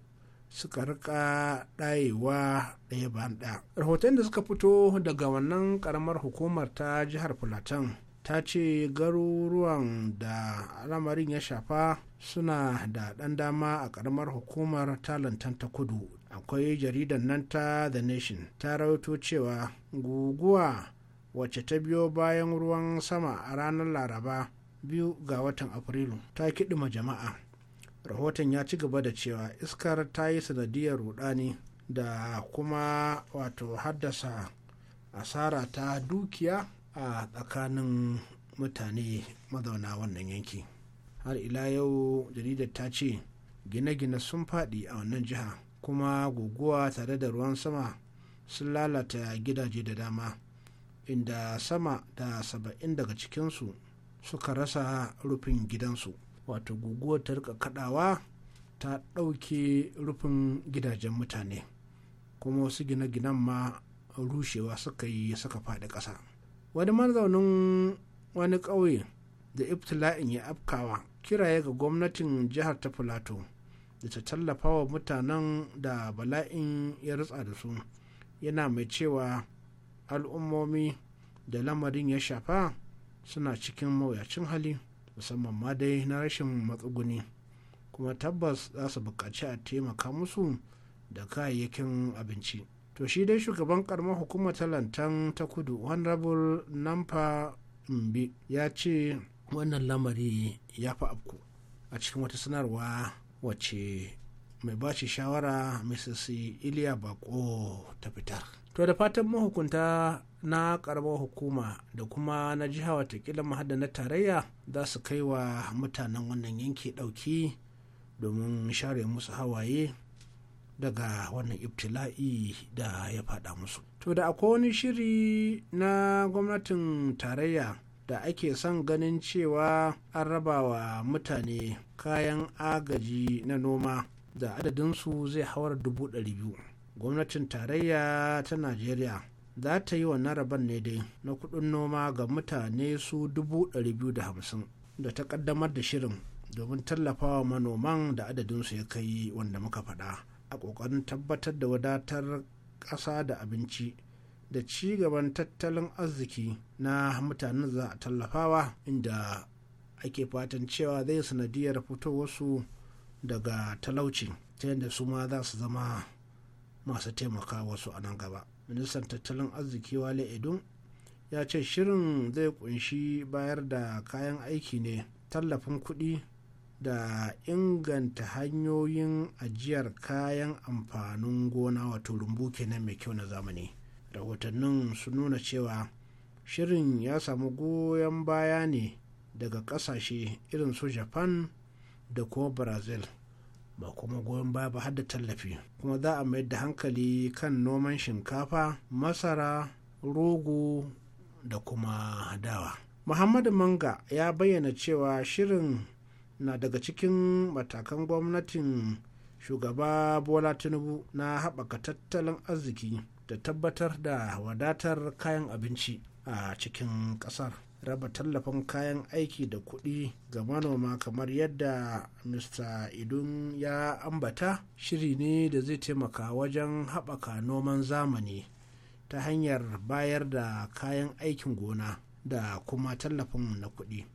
S5: suka rika ɗayewa ɗaya bayan ɗaya. rahoton da suka fito daga wannan karamar hukumar ta jihar Filatan ta ce garuruwan da lamarin ya shafa suna da ɗan dama a karamar hukumar lantan ta kudu akwai jaridar nan ta the nation ta rawaito cewa guguwa wacce ta biyo bayan ruwan sama a ranar laraba biyu ga watan afrilu ta kiɗima jama'a rahoton ya ci gaba da cewa iskar ta yi sanadiyar rudani da kuma wato haddasa asara ta dukiya a tsakanin mutane mazauna wannan yanki har ila yau jaridar ta ce gine-gine sun faɗi a wannan jiha kuma guguwa tare da ruwan sama sun lalata gidaje da dama inda sama da saba'in daga cikinsu suka rasa rufin gidansu wato guguwar ta rika kadawa ta ɗauke rufin gidajen mutane kuma wasu gine-ginen ma rushewa suka yi suka faɗi ƙasa wani mazaunin wani ƙauye da ibtila'in ya afkawa kiraye ga gwamnatin jihar ta filato da ta tallafa wa mutanen da bala'in ya rutsa da su yana mai cewa al'ummomi da lamarin ya shafa suna cikin mawuyacin hali musamman ma dai na rashin matsuguni kuma tabbas za su buƙaci a taimaka musu da kayayyakin abinci to shi dai shugaban karamar hukumar talantan ta kudu honorable namfa mbi ya ce wannan lamari ya fi afku a cikin wata sanarwa wacce mai bashi shawara mrs iliya bako ta fitar to da fatan mahukunta na karbar hukuma da kuma na jiha watakila mahada na tarayya za su kai wa mutanen wannan yanki dauki domin share musu hawaye daga wannan ibtila'i da ya fada musu to da akwai wani shiri na gwamnatin tarayya da ake son ganin cewa an raba wa mutane kayan agaji na noma da adadinsu zai hawar dubu ɗari biyu gwamnatin tarayya ta najeriya za ta yi wannan rabon ne dai na kuɗin noma ga mutane su dubu ɗari biyu da hamsin da ta ƙaddamar da shirin domin tallafawa manoman da adadinsu ya kai wanda muka faɗa a ƙoƙarin tabbatar da wadatar ƙasa da abinci da ci gaban tattalin arziki na mutanen za a tallafawa inda ake fatan cewa zai sanadiyar fito wasu daga talauci ta yadda su ma za su zama masu taimaka wasu a nan gaba ministan tattalin arziki wale edo ya ce shirin zai kunshi bayar da kayan aiki ne tallafin kuɗi da inganta hanyoyin ajiyar kayan amfanin gona wato rumbu kenan mai kyau na zamani rahotannin su nuna cewa shirin ya samu goyon baya ne daga kasashe irin su japan da kuma brazil ba kuma goyon baya ba har da tallafi kuma za a mayar da hankali kan noman shinkafa masara rogo da kuma dawa muhammadu manga ya bayyana cewa shirin na daga cikin matakan gwamnatin shugaba bola tinubu na haɓaka tattalin arziki da tabbatar da wadatar kayan abinci a cikin ƙasar raba tallafin kayan aiki da kuɗi ga manoma kamar yadda mr idun ya ambata shiri ne da zai taimaka wajen haɓaka noman zamani ta hanyar bayar da kayan aikin gona da kuma tallafin na kuɗi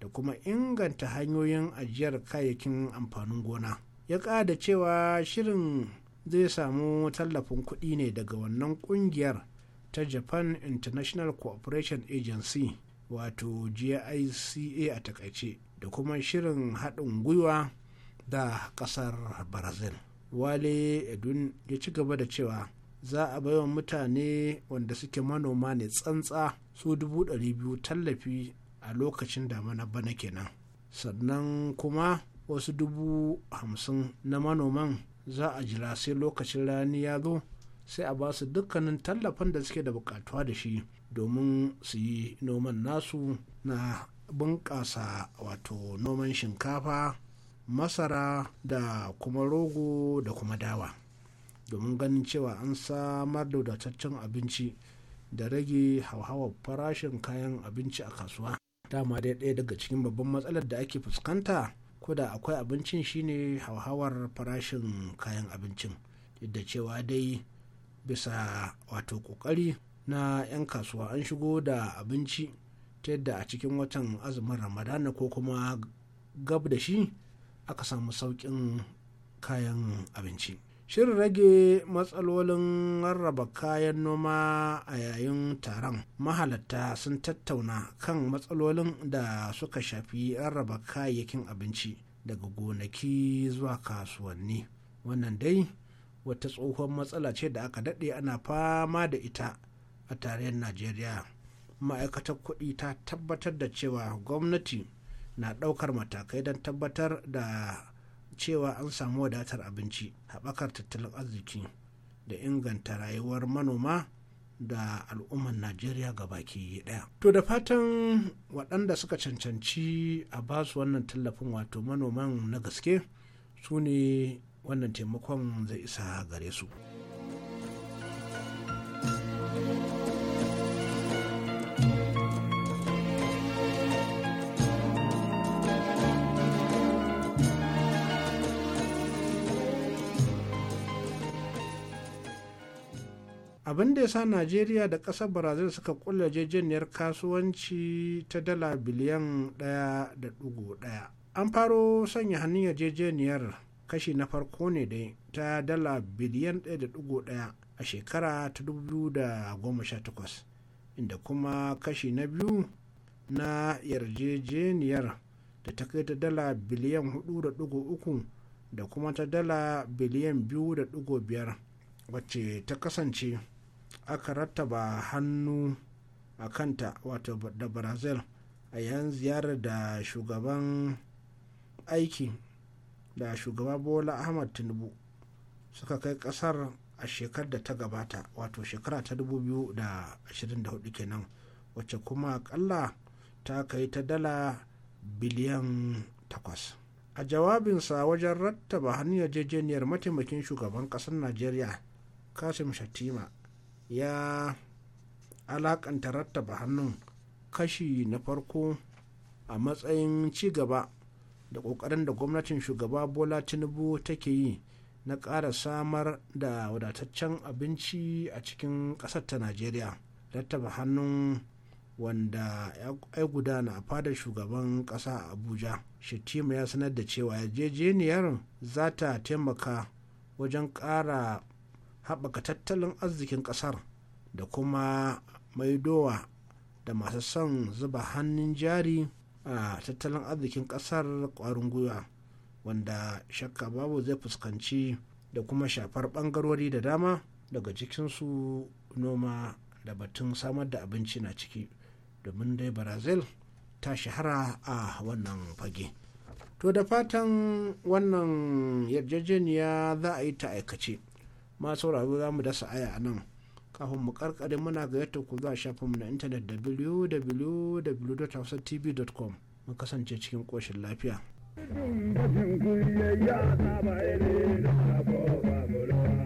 S5: da kuma inganta hanyoyin ajiyar kayayyakin amfanin gona ya ƙada cewa shirin zai samu tallafin kuɗi ne daga wannan ƙungiyar ta japan international cooperation agency wato gica a takaice da kuma shirin haɗin gwiwa da ƙasar brazil wale edun ya ci gaba da cewa za a baiwa mutane wanda suke manoma ne tsantsa su dubu ɗari biyu tallafi a lokacin damana bana kenan sannan kuma wasu dubu hamsin na manoman za a jira sai lokacin rani ya zo sai a ba su dukkanin tallafin da suke da bukatuwa da shi domin su yi noman nasu na bunƙasa wato noman shinkafa masara da kuma rogo da kuma dawa domin ganin cewa an samar da wadataccen abinci da rage hauhawar farashin kayan abinci a kasuwa dama dai ɗaya daga cikin babban matsalar da ake fuskanta ko da akwai abincin shine hauhawar farashin kayan abincin duk da cewa dai bisa wato ƙoƙari na 'yan kasuwa an shigo da abinci ta yadda a cikin watan azumin ramadana ko kuma gab da shi aka samu sauƙin kayan abinci shirin rage matsalolin rarraba kayan noma a yayin taron mahalatta sun tattauna kan matsalolin da suka shafi rarraba kayayyakin abinci daga gonaki zuwa kasuwanni wannan dai wata tsohon matsala ce da aka daɗe ana fama da ita a tarayyar najeriya ma'aikatar kuɗi ta tabbatar da cewa gwamnati na ɗaukar matakai don tabbatar da cewa an samu wadatar abinci haɓakar tattalin arziki da inganta rayuwar manoma da al'ummar najeriya ga baki ɗaya to da fatan waɗanda suka cancanci a basu wannan tallafin wato manoman na gaske su ne wannan taimakon zai isa gare su. abin da ya sa najeriya da ƙasar brazil suka kulla jejeniyar kasuwanci ta dala biliyan 1.1 an faro sanya hannun yarjejeniyar kashi na farko ne dai ta dala biliyan ɗaya a shekara ta 2018 inda kuma kashi na biyu na yarjejeniyar da ta kai ta dala biliyan 4.3 da kuma ta dala biliyan 2.5 wacce ta kasance aka rattaba hannu a kanta wato da brazil a yan ziyarar da shugaban aiki da shugaba bola ahmad tinubu suka kai kasar a shekar da ta gabata wato shekara ta 2024 kenan wacce kuma akalla ta kai ta dala biliyan 8 a jawabinsa wajen rattaba hannun yarjejeniyar mataimakin shugaban kasar najeriya kasim shatima ya alakanta rattaba hannun kashi na farko a matsayin cigaba da ƙoƙarin da gwamnatin shugaba bola tinubu take yi na ƙara samar da wadataccen abinci a cikin ƙasar ta najeriya rattaba hannun wanda ya gudana a fadar shugaban ƙasa abuja shittima ya sanar da cewa yarjejeniyar za ta taimaka wajen ƙara haɓaka tattalin arzikin ƙasar da kuma maidowa da masu son zuba hannun jari a tattalin arzikin ƙasar ƙwarin gwiwa wanda shakka babu zai fuskanci da kuma shafar ɓangarori da dama daga cikinsu noma da batun samar da abinci na ciki domin dai brazil ta shahara a wannan fage to da fatan wannan yarjejeniya za a yi ta aikace ma sauraro za mu dasa aya a nan kafin mu karkare muna ga yadda ku za shafin mu na intanet www.hausatv.com mu kasance cikin koshin lafiya.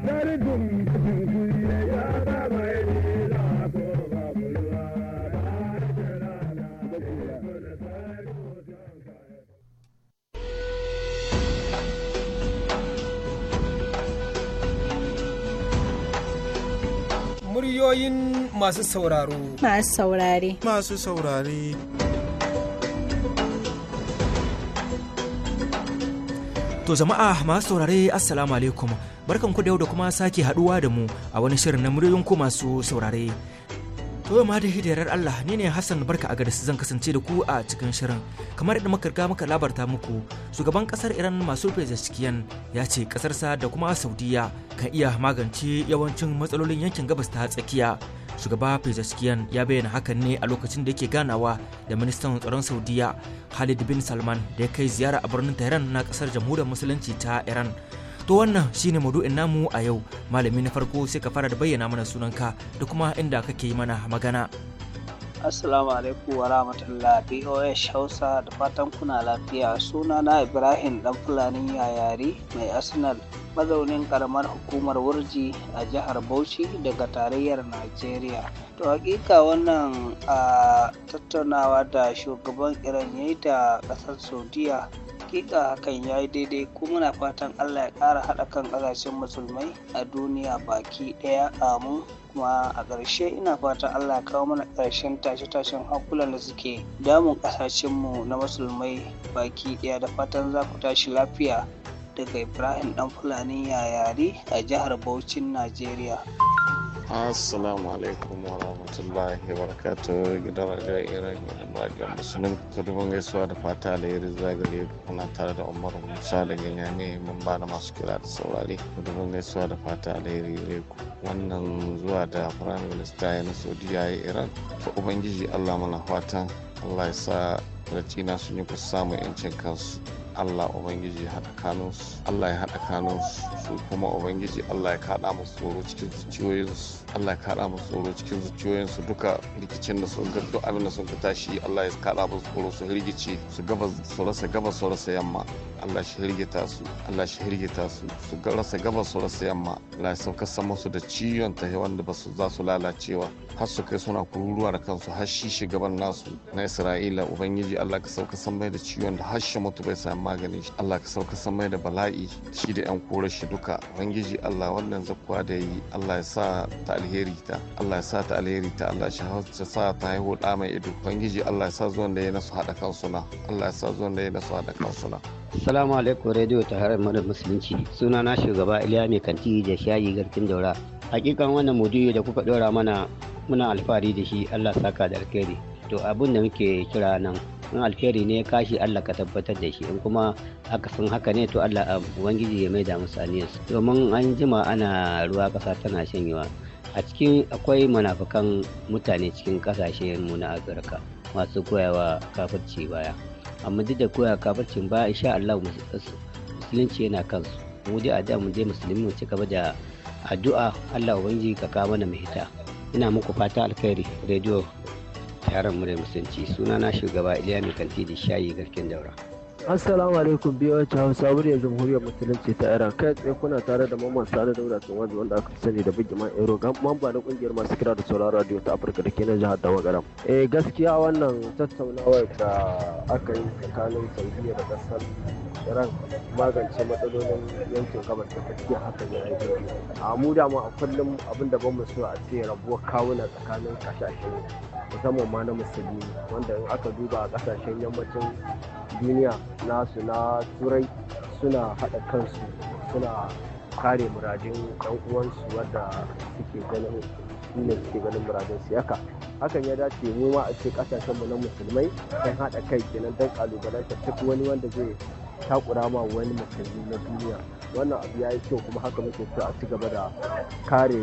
S5: Dari dum dum kuyi ya ba
S6: Muryoyin masu sauraro. Masu saurare. Masu
S7: saurare.
S13: To jama'a masu saurare Assalamu alaikum. Barkan ku da yau da kuma sake haduwa da mu a wani shirin na muryoyin ku masu saurare. To ma da hidayar Allah ni ne Hassan Barka a garis zan kasance da ku a cikin shirin. Kamar yadda muka riga muka labarta muku, shugaban kasar Iran masu Pezeshkian ya ce kasarsa da kuma Saudiya kan iya magance yawancin matsalolin yankin gabas ta tsakiya. Shugaba Pezeshkian ya bayyana hakan ne a lokacin da yake ganawa da ministan tsaron Saudiya Khalid bin Salman da ya kai ziyara a birnin Tehran na kasar Jamhuriyar Musulunci ta Iran. To wannan shine maudu'in namu a yau. Malami na farko sai ka fara da bayyana mana sunanka da kuma inda kake yi mana magana.
S14: Assalamu alaikum wa rahmatullah BOS Hausa da fatan kuna lafiya suna na Ibrahim dan Fulani Yayari mai Arsenal mazaunin karamar hukumar Wurji a jihar Bauchi daga tarayyar nigeria. To hakika wannan a ah, tattaunawa da shugaban Iran yayi da kasar Saudiya hakika hakan ya yi daidai kuma muna fatan allah ya ƙara haɗa kan ƙasashen musulmai a duniya baki ɗaya amin kuma a ƙarshe ina fatan allah ya kawo mana ƙarshen tashe-tashen hankulan da suke damun ƙasashenmu na musulmai baki ɗaya da fatan za ku tashi lafiya daga Ibrahim dan Fulani yayari a jihar Bauchin, Najeriya.
S11: Assalamu alaikum wa rahmatullahi wa barakatuh gidan rajar Iran gidan rajar Musulun kudumin gaisuwa da fata da yiri zagare kuna tare da Umaru Musa da Ganyane mun ba da masu kira da saurari kudumin gaisuwa da fata da yiri ku wannan zuwa da prime minister ya na Saudiya ya Iran ta Ubangiji Allah mana fatan Allah ya sa Ratina sun yi kusa mai 'yancin kansu. Allah Ubangiji ya haɗa kanunsu Allah ya haɗa kanunsu su kuma Ubangiji Allah ya kaɗa musu tsoro cikin ciwoyinsu. Allah ya kara musu tsoro cikin zuciyoyinsu duka rikicin da sun gaddo abin da sun ka tashi Allah ya kara musu tsoro su hirgice su gaba su rasa gaba su rasa yamma Allah shi hirgita su Allah shi hirgita su su rasa gaba su rasa yamma Allah ya sauka sama su da ciwon ta wanda ba su za su lalacewa har su kai suna kururuwa da kansu har shi shugaban nasu na Isra'ila ubangiji Allah ka sauka sama da ciwon da har shi mutu bai samu maganin shi Allah ka sauka sama da bala'i shi da yan korar shi duka ubangiji Allah wannan zakwa da yi Allah ya sa ta alheri ta Allah ya sa ta alheri ta Allah ya sa ta haihu da mai ido ubangiji Allah ya sa zuwan da ya nasu haɗa kan suna Allah ya sa zuwan da ya nasu haɗa kan suna
S15: Assalamu alaikum radio ta harar madar musulunci suna na shugaba Iliya mai kanti da shayi garkin daura hakikan wannan maudu'i da kuka ɗora mana muna alfahari da shi Allah saka da alheri to abin da muke kira nan in alheri ne kashi Allah ka tabbatar da shi in kuma aka sun haka ne to Allah ubangiji ya maida musu aniyarsu domin an jima ana ruwa kasa tana shanyewa a cikin akwai munafukan mutane cikin kasashen mu na afirka masu koyawa kafirci baya amma duk da koya kafircin baya insha Allah musulunci yana kansu mu dai a da mu dai musulmi mu ci gaba da addu'a Allah ubangiji ka kawo mana mahita ina muku fata alkhairi rediyo yaran mu da musulunci sunana shugaba Iliya Kanti da Shayi garken daura
S10: Assalamu alaikum biyo wacce Hausa muryar Jamhuriyar Musulunci ta Iran kai tsaye kuna tare da Mamman Sani Dauda Tunwaji wanda aka sani da man Ero mamba na kungiyar masu kira da sauraron radio ta Afirka da ke na jihar Garam. Eh gaskiya wannan tattaunawar da aka yi tsakanin Saudiya da kasar Iran magance matsalolin yankin gabas ta tsakiya haka ne ake yi. A mu da ma a kullum abin da ban so a ce rabuwar kawuna tsakanin kasashe musamman ma na musulmi wanda in aka duba a kasashen yammacin duniya nasu na turai suna haɗa kansu suna kare muradin ɗan uwansu wadda suke ganin ne suke ganin muradin siyaka hakan ya dace mu ma a ce kasashen mu na musulmai don haɗa kai kenan don kalubalantar duk wani wanda zai takura ma wani musulmi na duniya wannan abu ya yi kyau kuma haka muke so a ci gaba da kare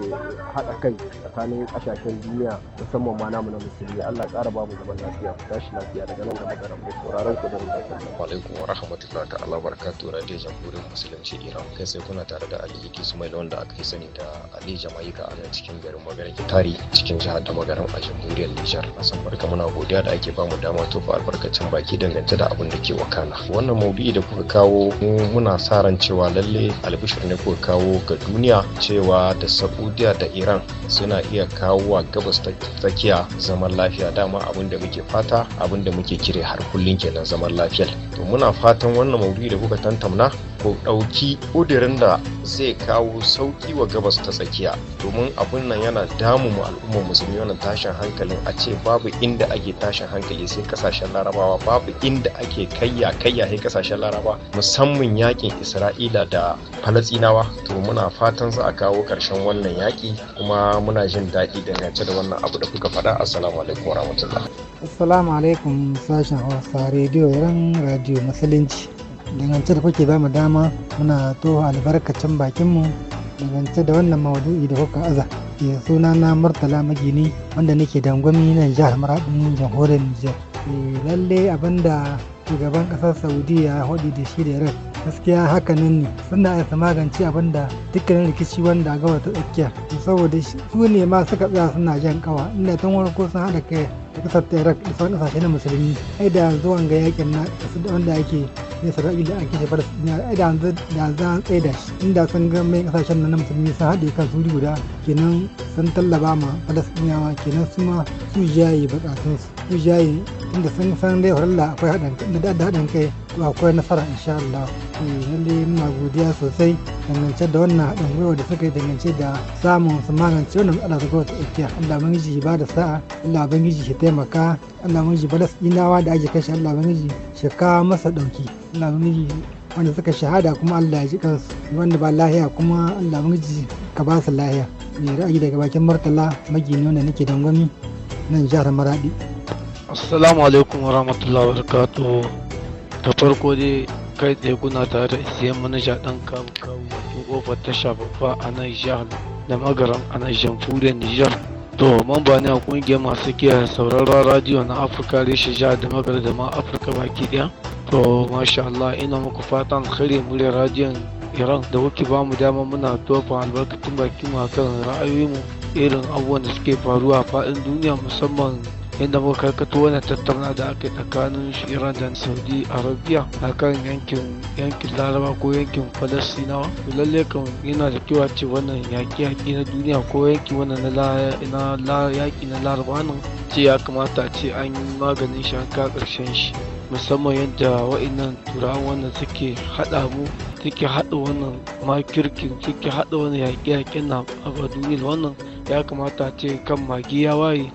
S10: haɗa kai tsakanin ƙasashen duniya musamman ma namu na musulmi allah ƙara babu zaman lafiya ku tashi lafiya daga nan gaba da rabu sauraron ku
S8: da wa alaikum wa rahmatullahi ta'ala barakatu radio jamhuriyar musulunci iran kai sai kuna tare da ali ismail wanda aka yi sani da ali jama'ika a cikin garin magarin tari cikin jihar da magarin a jamhuriyar nijar asan barka muna godiya da ake bamu dama tofa albarkacin baki dangance da abin da ke wakana wannan maudu'i da kuka kawo muna sa ran cewa lalle ne albishir ne kuka kawo ga duniya cewa da saudiya da iran suna iya kawo wa gabas ta tsakiya zaman lafiya dama abin da muke fata abin da muke kire har kullum kenan zaman lafiyar to muna fatan wannan maudu'i da kuka tantamna ko ɗauki ƙudirin da zai kawo sauƙi wa gabas ta tsakiya domin abin nan yana damu mu al'ummar musulmi wannan tashin hankali. a ce babu inda ake tashin hankali sai kasashen larabawa babu inda ake kayya kayya sai kasashen larabawa musamman yakin isra'ila da da to muna fatan za a kawo karshen wannan yaki kuma muna jin daɗi da dangance da wannan
S3: abu da kuka faɗa assalamu alaikum wa rahmatullah
S16: assalamu alaikum sashen hausa rediyo ran radio musulunci dangance da kuke bamu dama muna toha albarkacin bakinmu dangance da wannan maudu'i da kuka aza ke suna na murtala magini wanda nake dangwami nan jihar maradin jamhuriyar nijar eh, lalle abinda shugaban ƙasar saudiya ya haɗi da shi da iran gaskiya hakanan ne suna isa magance abin da dukkanin rikici wanda gawa ta tsakiya saboda su ne ma suka tsaya suna jan kawa inda tun wani ko sun haɗa kai kasar iraq da sauran kasashe na musulmi ai da zuwan ga yakin na wanda ake ne sarrafi da ake shafar ai da yanzu da za a tsaye da shi inda sun ga mai kasashen na musulmi sun haɗe kan suri guda kenan sun tallaba ma falastiniyawa kenan su ma su jaye bukatunsu su jaye inda sun san dai da akwai da haɗin kai akwai nasara insha Allah eh, lalle muna godiya sosai dangance da wannan haɗin gwiwa da suka yi dangance da samun su magance wannan matsala ta gwamnati tsakiya Allah bangiji ba da sa'a Allah bangiji shi taimaka Allah bangiji ba da inawa da ake kashe Allah bangiji shi kawo masa ɗauki Allah bangiji wanda suka shahada kuma Allah ya ji kansu wanda ba lahiya kuma Allah bangiji ka ba su lahiya mai ra'ayi daga bakin martala magini wanda nake dangwami nan jihar maradi
S17: assalamu alaikum wa wa wabarakatuh ta farko dai kai tsaye kuna tare da isiyan manaja dan kawo kawo wato kofar tasha babba a nan jihar da magaran a nan jamhuriyar nijar to mamba ne a kungiyar masu kiyar sauraron radiyo na afirka reshe jihar da magaran da ma afirka baki daya to masha allah ina muku fatan alkhairi mure radiyon iran da kuke ba mu dama muna tofa albarkatun baki mu akan ra'ayoyinmu irin abubuwan da suke faruwa a faɗin duniya musamman inda muka kato wani tattauna da ake tsakanin iran da saudi arabia akan yankin yankin laraba ko yankin Falasinawa. to lalle kan yana da kyau ce wannan yaki yaki na duniya ko yanki wannan na yaki na laraba nan ce ya kamata ce an yi maganin shi ka karshen shi musamman yadda wa'annan turawan wannan suke haɗa mu suke haɗa wannan makirkin suke haɗa wannan yaƙi-yaƙin na a wannan ya kamata ce kan magi ya waye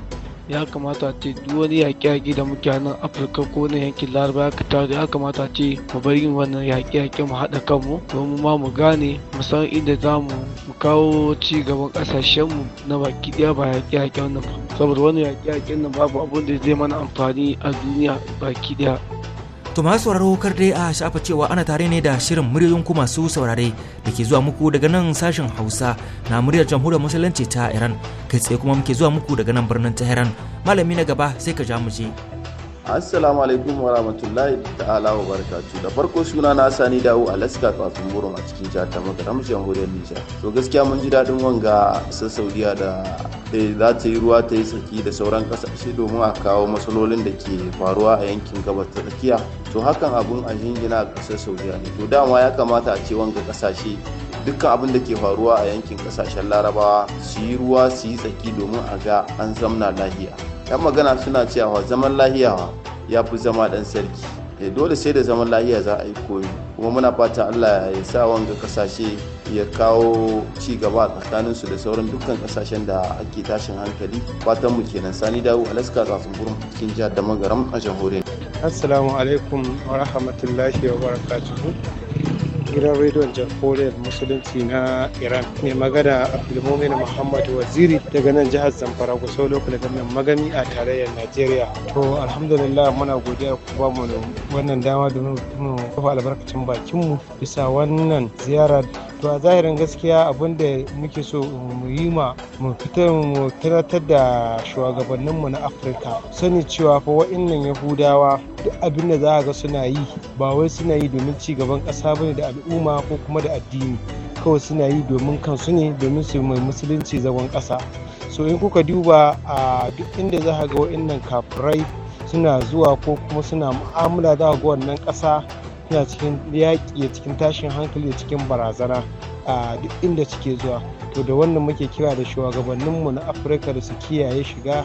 S17: ya kamata ce duk wani yaƙe-yaƙe da muke nan afirka ko na yankin laraba ka tare ya kamata ce mu bar yin wannan yaƙe-yaƙe mu haɗa kanmu domin ma mu gane mu san inda za mu kawo ci gaban ƙasashenmu na baki ɗaya ba yaƙe-yaƙen nan ba saboda wani yaƙe-yaƙen nan babu abin da zai mana amfani a duniya baki ɗaya
S13: To masu sauraro kar dai a shafa cewa ana tare ne da shirin muryoyin ku masu saurare da ke zuwa muku daga nan sashen Hausa na muryar jamhuriyar musulunci ta Iran kai tsaye kuma muke zuwa muku daga nan birnin Tehran malami na gaba sai ka ja mu je.
S8: assalamu alaikum wa rahmatullahi ta'ala wa barakatu da farko suna na sani dawo a laska kafin burum a cikin jihar ta makaram jamhuriyar nijar to gaskiya mun ji daɗin wanga sa saudiya da za ta yi ruwa ta yi tsaki da sauran ƙasashe domin a kawo matsalolin da ke faruwa a yankin gabas ta tsakiya to hakan abun a jingina a ƙasar saudiya ne to dama ya kamata a ce wanga ƙasashe dukkan abin da ke faruwa a yankin ƙasashen larabawa su yi ruwa su yi tsaki domin a ga an zamna lahiya 'yan magana suna cewa zaman lahiyawa ya fi zama dan sarki e dole sai da zaman lahiya za a yi koyi kuma muna fata allah ya sa wanga kasashe ya kawo ci gaba a tsakanin su da sauran dukkan kasashen da ake tashin hankali fatan mu kenan sani dawo alaska zafin burin cikin jihar da magaram a jamhuriyar
S12: assalamu alaikum wa rahmatullahi wa barakatuhu gidan rediyon jamhuriyar musulunci na iran mai magana abdulmumin muhammad waziri daga nan jihar zamfara kusa lokacin mai magani a tarayyar najeriya to alhamdulillah muna godiya ku ba mu wannan dama domin mu kafa albarkacin bakinmu bisa wannan ziyarar to a zahirin gaskiya abin da muke so mu yi ma mu fitar mu tunatar da shugabanninmu na afirka sani cewa fa wa'annan yahudawa duk abin da za ga suna yi ba wai suna yi domin ci gaban ƙasa bane da al'umma ko kuma da addini kawai suna yi domin kansu ne domin su mai musulunci zagon ƙasa so in kuka duba a duk inda za ga waannan kafirai suna zuwa ko kuma suna mu'amala za ga wannan ƙasa suna cikin yaƙi cikin tashin hankali cikin barazana a duk inda suke zuwa to da wannan muke kira da mu na afirka da su kiyaye shiga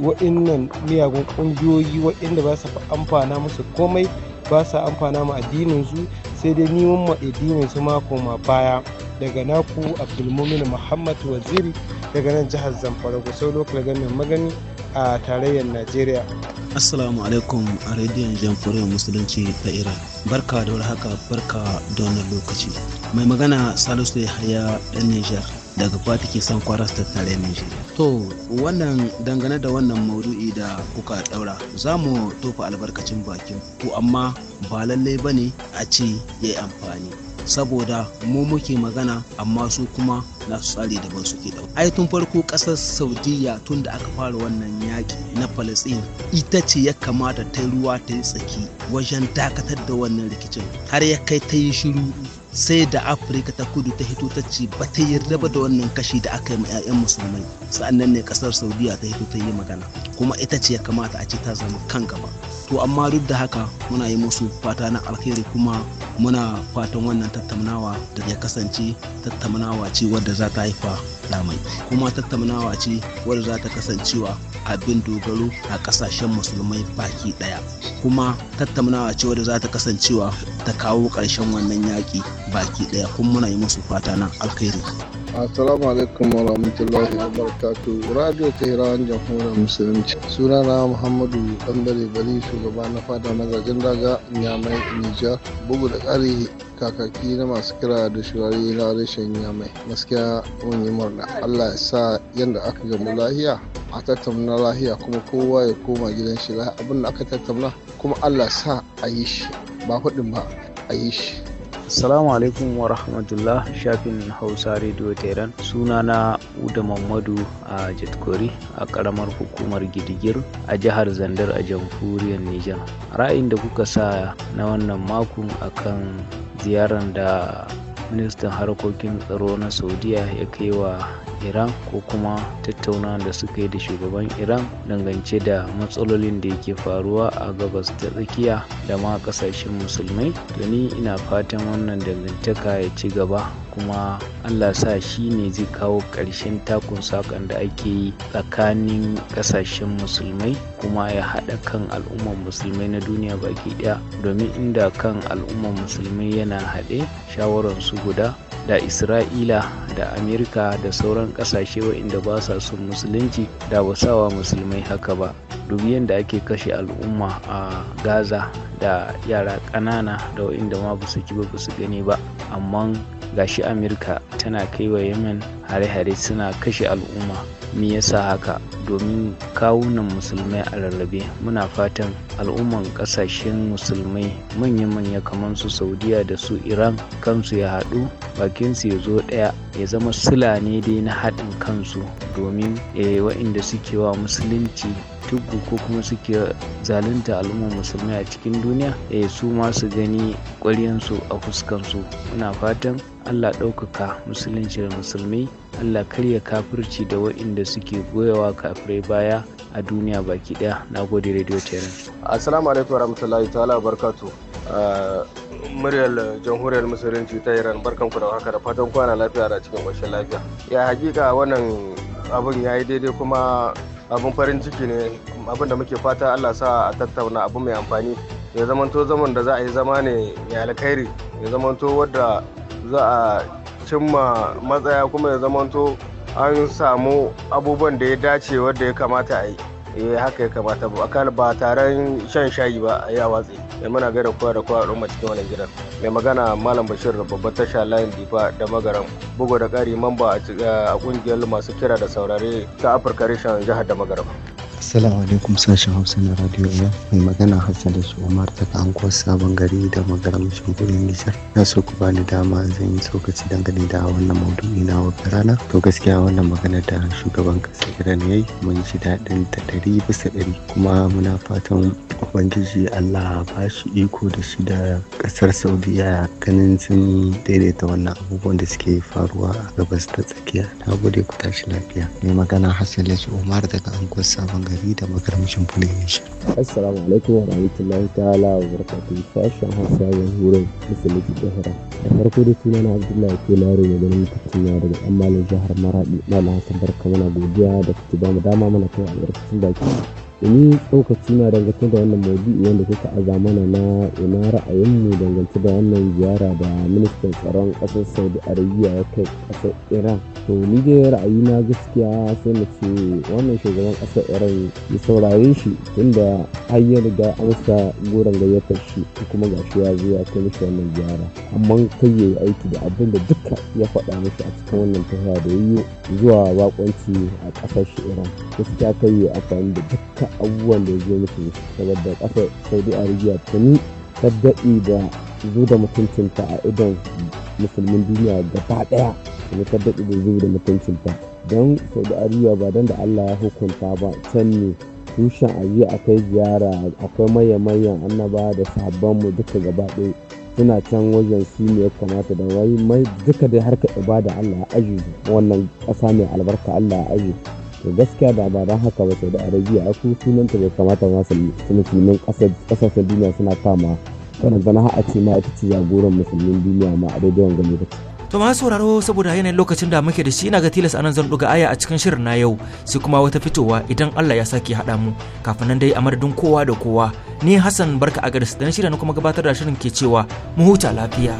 S12: wa'innan miyagun ƙungiyoyi wa'inda ba su amfana musu komai ba su amfana ma addinin su sai dai neman ma addinin su mako ma baya daga naku abdulmumin muhammad waziri daga nan jihar zamfara sau lokal gamin magani a tarayyar najeriya
S14: assalamu alaikum a rediyon jamhuriyar musulunci ta iran
S12: barka da haka barka
S14: da wannan lokaci mai magana salisu ya haya dan nijar daga kwa take son kwaras ta tare niger to wannan dangane da wannan maudu'i da kuka daura za mu tofa albarkacin bakin ku amma ba lallai ba ne a ce ya yi amfani saboda mu muke magana amma su kuma na su tsare daban suke da ai tun farko kasar saudiya tun da aka fara wannan yaƙi na palestine ita ce ya kamata ta yi ruwa ta yi tsaki wajen dakatar da wannan rikicin har ya kai ta yi shiru sai da afirka ta kudu ta hito ta ce ba ta yarda ba da wannan kashi da aka yi ma 'ya'yan musulmai sa'annan ne kasar saudiya ta hito ta yi magana kuma ita ce ya kamata a ce ta zama kan gaba to amma duk da haka muna yi musu fata na alkhairi kuma muna fatan wannan tattaunawa da ya kasance tattaunawa ce wadda za ta haifa lamai kuma tattaunawa ce wadda za ta kasancewa abin dogaro a kasashen musulmai baki daya kuma tattaunawa ce wadda za ta kasancewa ta kawo ƙarshen wannan yaƙi baki daya kun muna yi musu fata nan
S10: alkhairi Assalamu alaikum wa rahmatullahi wa barakatu. Radio Tehran Jamhuriyar Musulunci. Sunana Muhammadu Ɗanbare Bali shugaba na fada mazajen daga Nyamai Nijar. Bugu da ƙari kakaki na masu kira da shugari na rashin Nyamai. Gaskiya mun yi murna. Allah ya sa yadda aka gamu lahiya a tattauna lahiya kuma kowa ya koma gidan shi abin da aka tattauna kuma Allah sa a yi shi ba faɗin ba a yi shi. Assalamu alaikum wa rahmatullah shafin
S15: Hausa Radio Tehran na Uda Mamadu a jitkori a karamar hukumar Gidigir a jihar Zandar a jamhuriyar Nijar. Ra'ayin da kuka sa na wannan makon akan ziyarar da ministan harkokin tsaro na Saudiya ya kai wa iran ko kuma tattauna da suka yi da shugaban iran dangance da matsalolin da yake faruwa a gabas ta tsakiya da ma kasashen musulmai to ni ina fatan wannan dangantaka ya ci gaba kuma allah sa shi ne zai kawo ƙarshen takun sakon da ake yi tsakanin kasashen musulmai kuma ya haɗa kan al'ummar musulmai na duniya baki ɗaya domin inda kan al'ummar musulmai yana haɗe shawararsu guda da isra'ila da amerika da sauran kasashe wa'inda ba sa son musulunci da ba sawa musulmai haka ba dubi yadda ake kashe al'umma a gaza da yara ƙanana da waɗanda ma ba su ba su gani ba amma gashi amurka tana kai wa yemen hare-hare suna kashe al'umma me yasa haka domin kawunan musulmai a rarrabe muna fatan al'umman kasashen musulmai manyan manya kamar su saudiya da su iran kansu ya haɗu bakinsu ya zo ɗaya ya zama sula ne dai na haɗin kansu domin ya eh, waɗanda suke wa musulunci tuggu ko kuma suke zalunta al'umman musulmai a cikin duniya eh, su ma su gani ƙwaryansu a fuskansu muna fatan Allah ɗaukaka musulunci da musulmi Allah karya kafirci da waɗanda suke goyawa kafirai baya a duniya baki ɗaya na gode radio terran
S10: assalamu alaikum warahmatullahi ta'ala barkatu uh, muryar jamhuriyar musulunci ta iran barkan ku da haka da fatan kwana lafiya da cikin ƙoshin lafiya ya hakika wannan abun ya yi daidai kuma abun farin ciki ne abin da muke fata allah sa a tattauna abun mai amfani ya zamanto zaman da za a yi zama ne ya alkhairi ya zamanto wadda za a cimma matsaya kuma ya zamanto an samu abubuwan da ya dace wadda ya kamata a yi eh haka ya kamata ba akal ba taron shan shayi ba a yi a watsi mai eh, muna gaida kowa da kowa a cikin wani gidan mai magana malam bashir da babbar tasha layin difa da magaram bugu da ƙari mamba a ƙungiyar masu kira da saurare ta afirka reshen jihar da magaram
S18: Assalamu alaikum sashen Hausa na Radio ya. mai magana Hassan da su Umar daga anguwar Sabon Gari da magana magaramcin gudun Nijar. Na so ku bani dama zan yi tsokaci dangane da wannan maudu'i na wata rana. To gaskiya wannan magana da shugaban kasa Iran ya mun ji daɗin ta ɗari bisa ɗari kuma muna fatan Ubangiji Allah ba shi iko da shi da ƙasar Saudiya ganin sun daidaita wannan abubuwan da suke faruwa a gabas ta tsakiya. Na gode ku tashi lafiya. Mai magana Hassan da su Umar daga anguwar Sabon gari da makarmashin polynesia Assalamu alaikum wa rahmatullahi ta'ala wa barakatuhu sashen Hausa da Hurai Musulunci Jihar. Da farko da suna na Abdullahi ke laro ne ganin mutum na daga ɗan jihar Maradi. Malam Hassan Barka mana godiya da kuke ba mu dama mana kai albarkacin baki. ni tsokaci na dangance da wannan maudu'i wanda kuka a zamana na ina ra'ayinmu dangance da wannan ziyara da ministan tsaron kasar saudi arabia ya kai ƙasar iran to ni dai na gaskiya sai na ce wannan shugaban ƙasar iran ya saurare shi tunda har ya riga amsa goron gayyatar shi kuma shi ya zo ya kai mishi wannan ziyara amma kai ya yi aiki da abin da duka ya faɗa mishi a cikin wannan tafiya da yi zuwa bakonci a ƙasar shi iran gaskiya kai ya amfani da duka abubuwan da ya je saboda ƙasar saudi arabia tuni ta daɗe da zo da mutuncinta a idon musulmin duniya gaba ɗaya kuma ta daɗe da zo da mutuncinta don saudi arabia ba don da allah ya hukunta ba can ne tushen ajiya akai ziyara akwai maye annaba da mu duka gaba ɗaya suna can wajen su ne ya kamata da wai mai duka dai harka ibada Allah ya aji wannan ƙasa mai albarka Allah ya aji to gaskiya da ba don haka ba da arabiya a su sunanta bai kamata ma musulmin kasashen duniya suna kama wannan zana har a ce ma ita ce jagoran musulmin duniya ma a daidai wanga
S13: to ma sauraro saboda yanayin lokacin da muke da shi ina ga tilas anan zan ɗuga aya a cikin shirin na yau sai kuma wata fitowa idan Allah ya sake haɗa mu kafin nan dai a madadin kowa da kowa ni Hassan barka a garis dan shirin kuma gabatar da shirin ke cewa mu huta lafiya.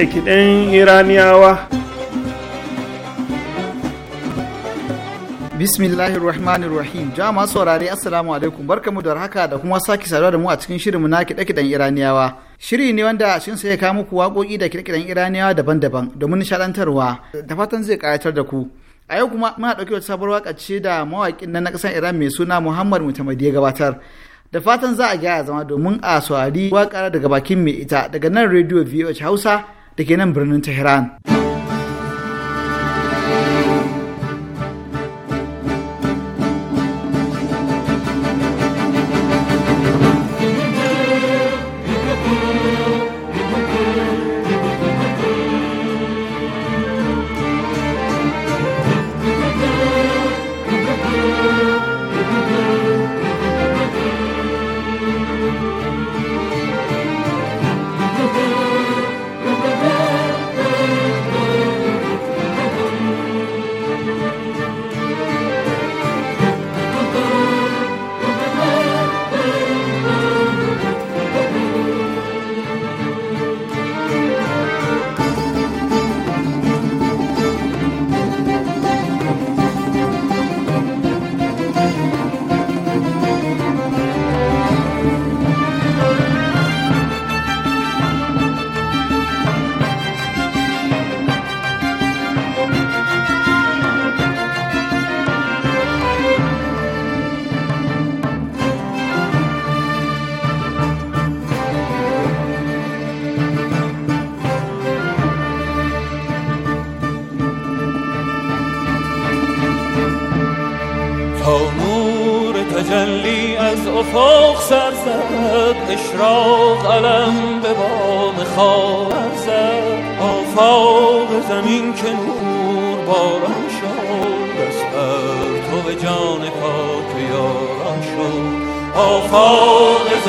S2: kide-kiden iraniyawa bismillahirrahmanirrahim jama saurare assalamu alaikum barkamu da haka da kuma sake saduwa da mu a cikin shirinmu na kide-kiden iraniyawa shiri ne wanda a cikin sai kawo muku waƙoƙi da kide-kiden iraniyawa daban-daban domin nishaɗantarwa da fatan zai karatar da ku a yau kuma muna ɗauke da sabuwar waƙa ce da mawaƙin na ƙasar iran mai suna muhammad mutamadi ya gabatar da fatan za a gyara zama domin a saurari waƙar daga bakin mai ita daga nan rediyo voh hausa da ke nan birnin Tehran.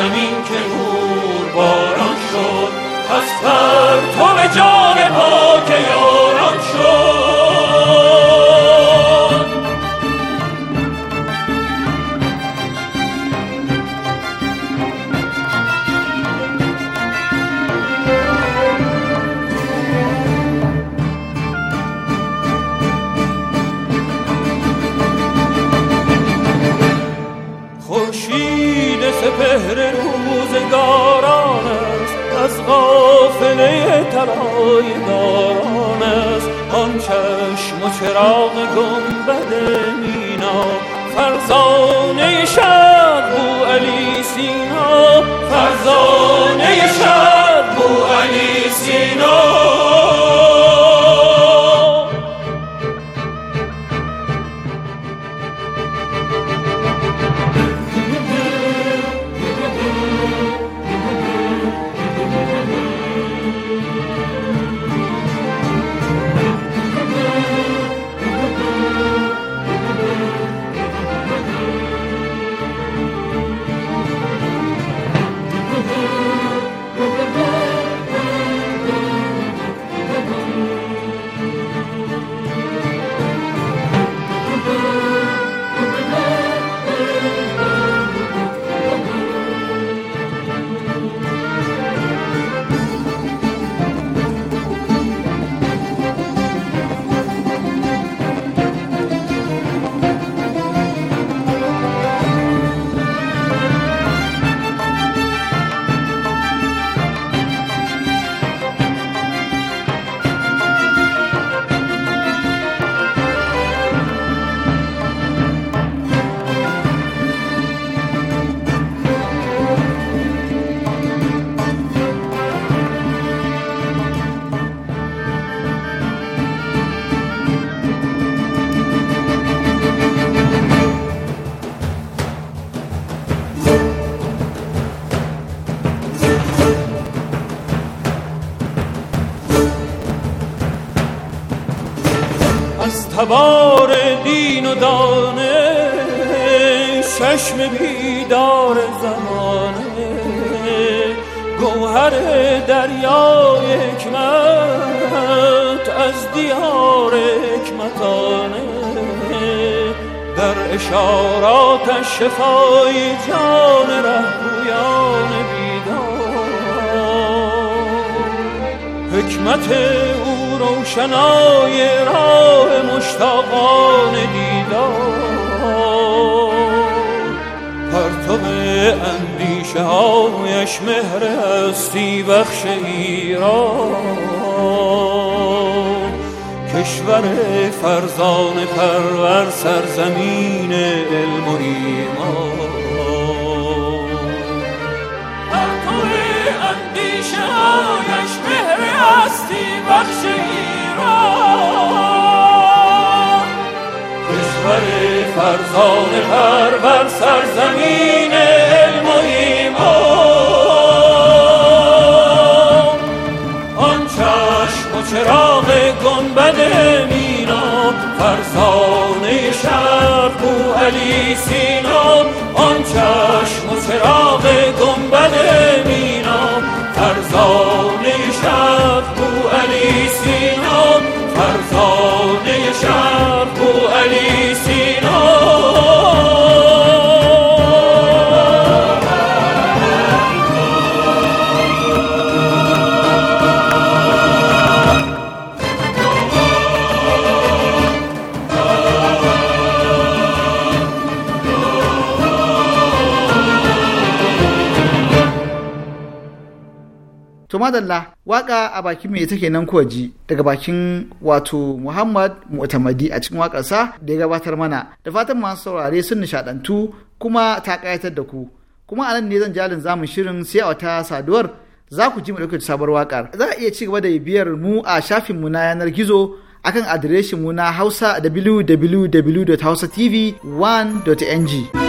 S19: a سوار دین و دانه چشم بیدار زمانه گوهر دریای حکمت از دیار حکمتانه در اشارات شفای جان بویان حکمت او روشنای راه مشتاقان دیدار پرتو اندیشه هایش مهر هستی بخش ایران کشور فرزان پرور سرزمین علم و ایمان هستی بخش ایران کشور فرزان پرور سرزمین علم و ایمان آن چشم و چراغ گنبد مینا فرزانه شهر و علی سینا آن چشم و چراغ گنبد مینا فرزانه شب بو علی
S2: madalla waka a bakin mai take nan kwaji daga bakin wato Muhammad Mu'tamadi a cikin wakarsa da ya gabatar mana da fatan masu saurare sun nishadantu kuma ta kayatar da ku kuma anan ne zan jalin zamu shirin sai a wata saduwar za ku ji mu ɗauke sabuwar wakar za a iya ci gaba da biyar mu a shafin mu na yanar gizo akan adireshin mu na hausa www.hausatv1.ng.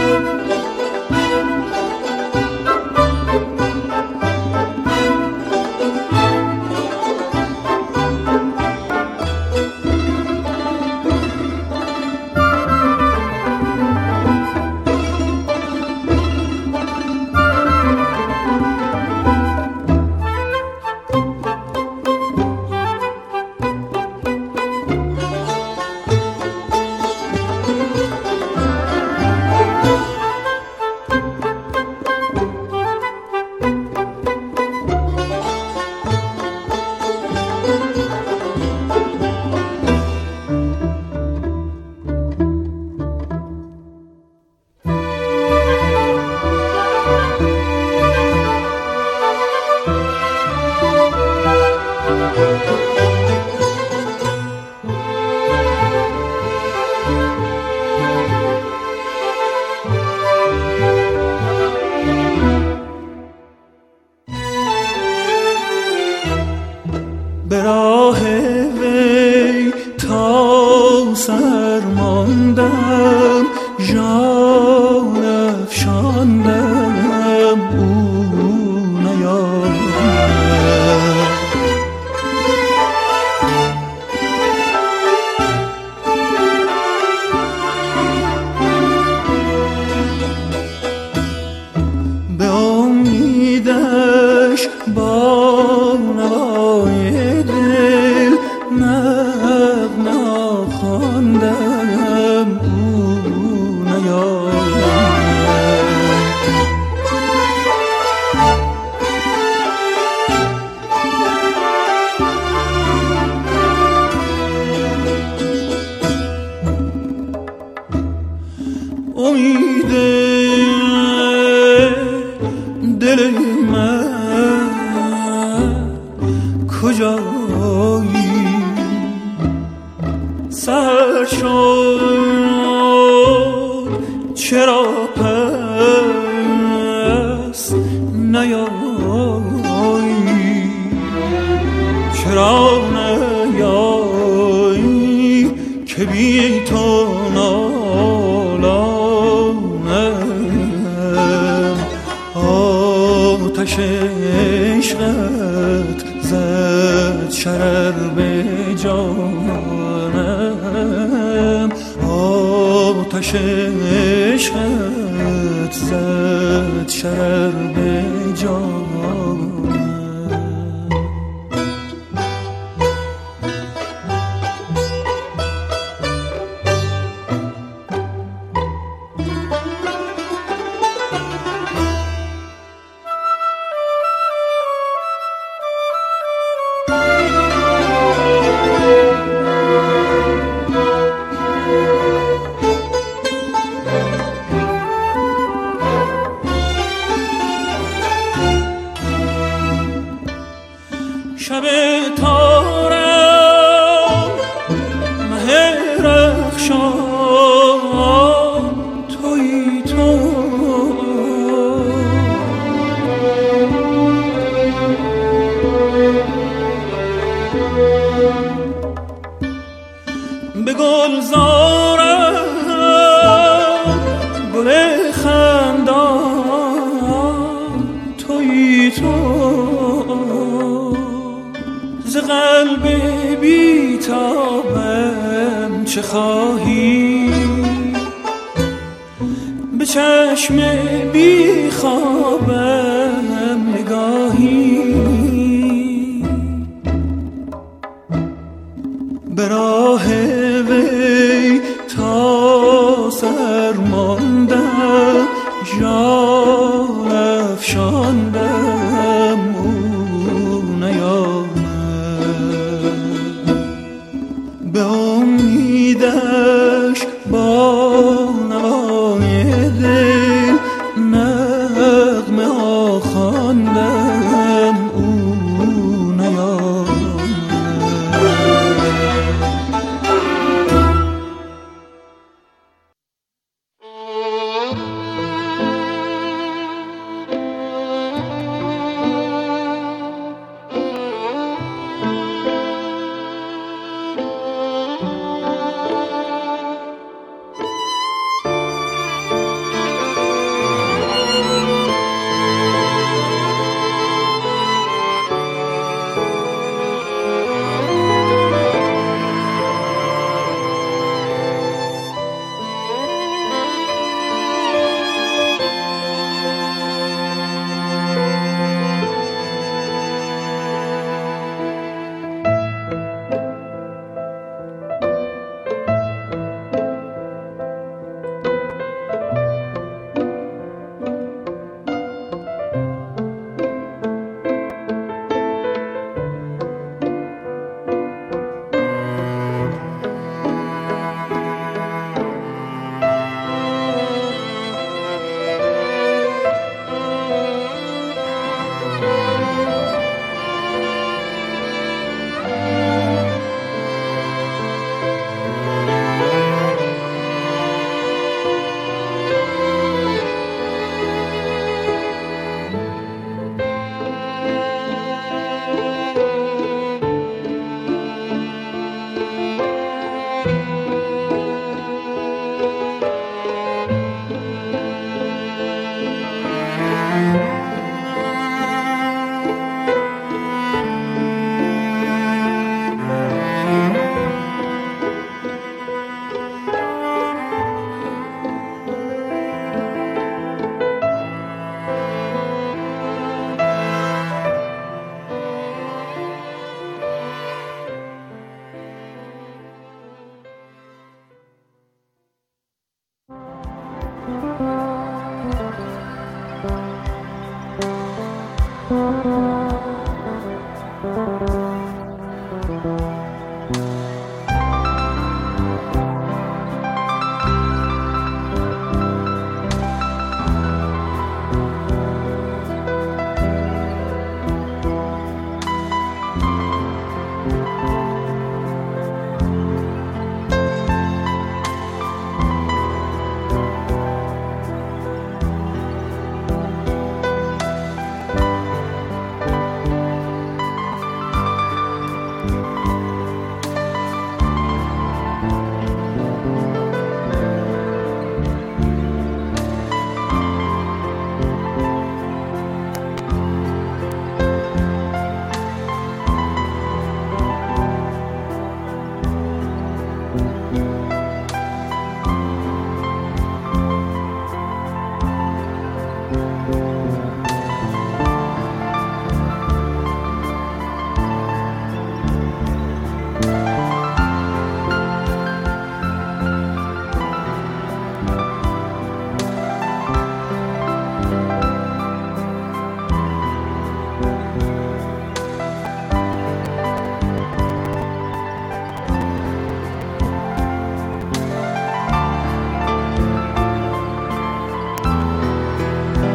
S19: آتش عشقت زد شرر به جان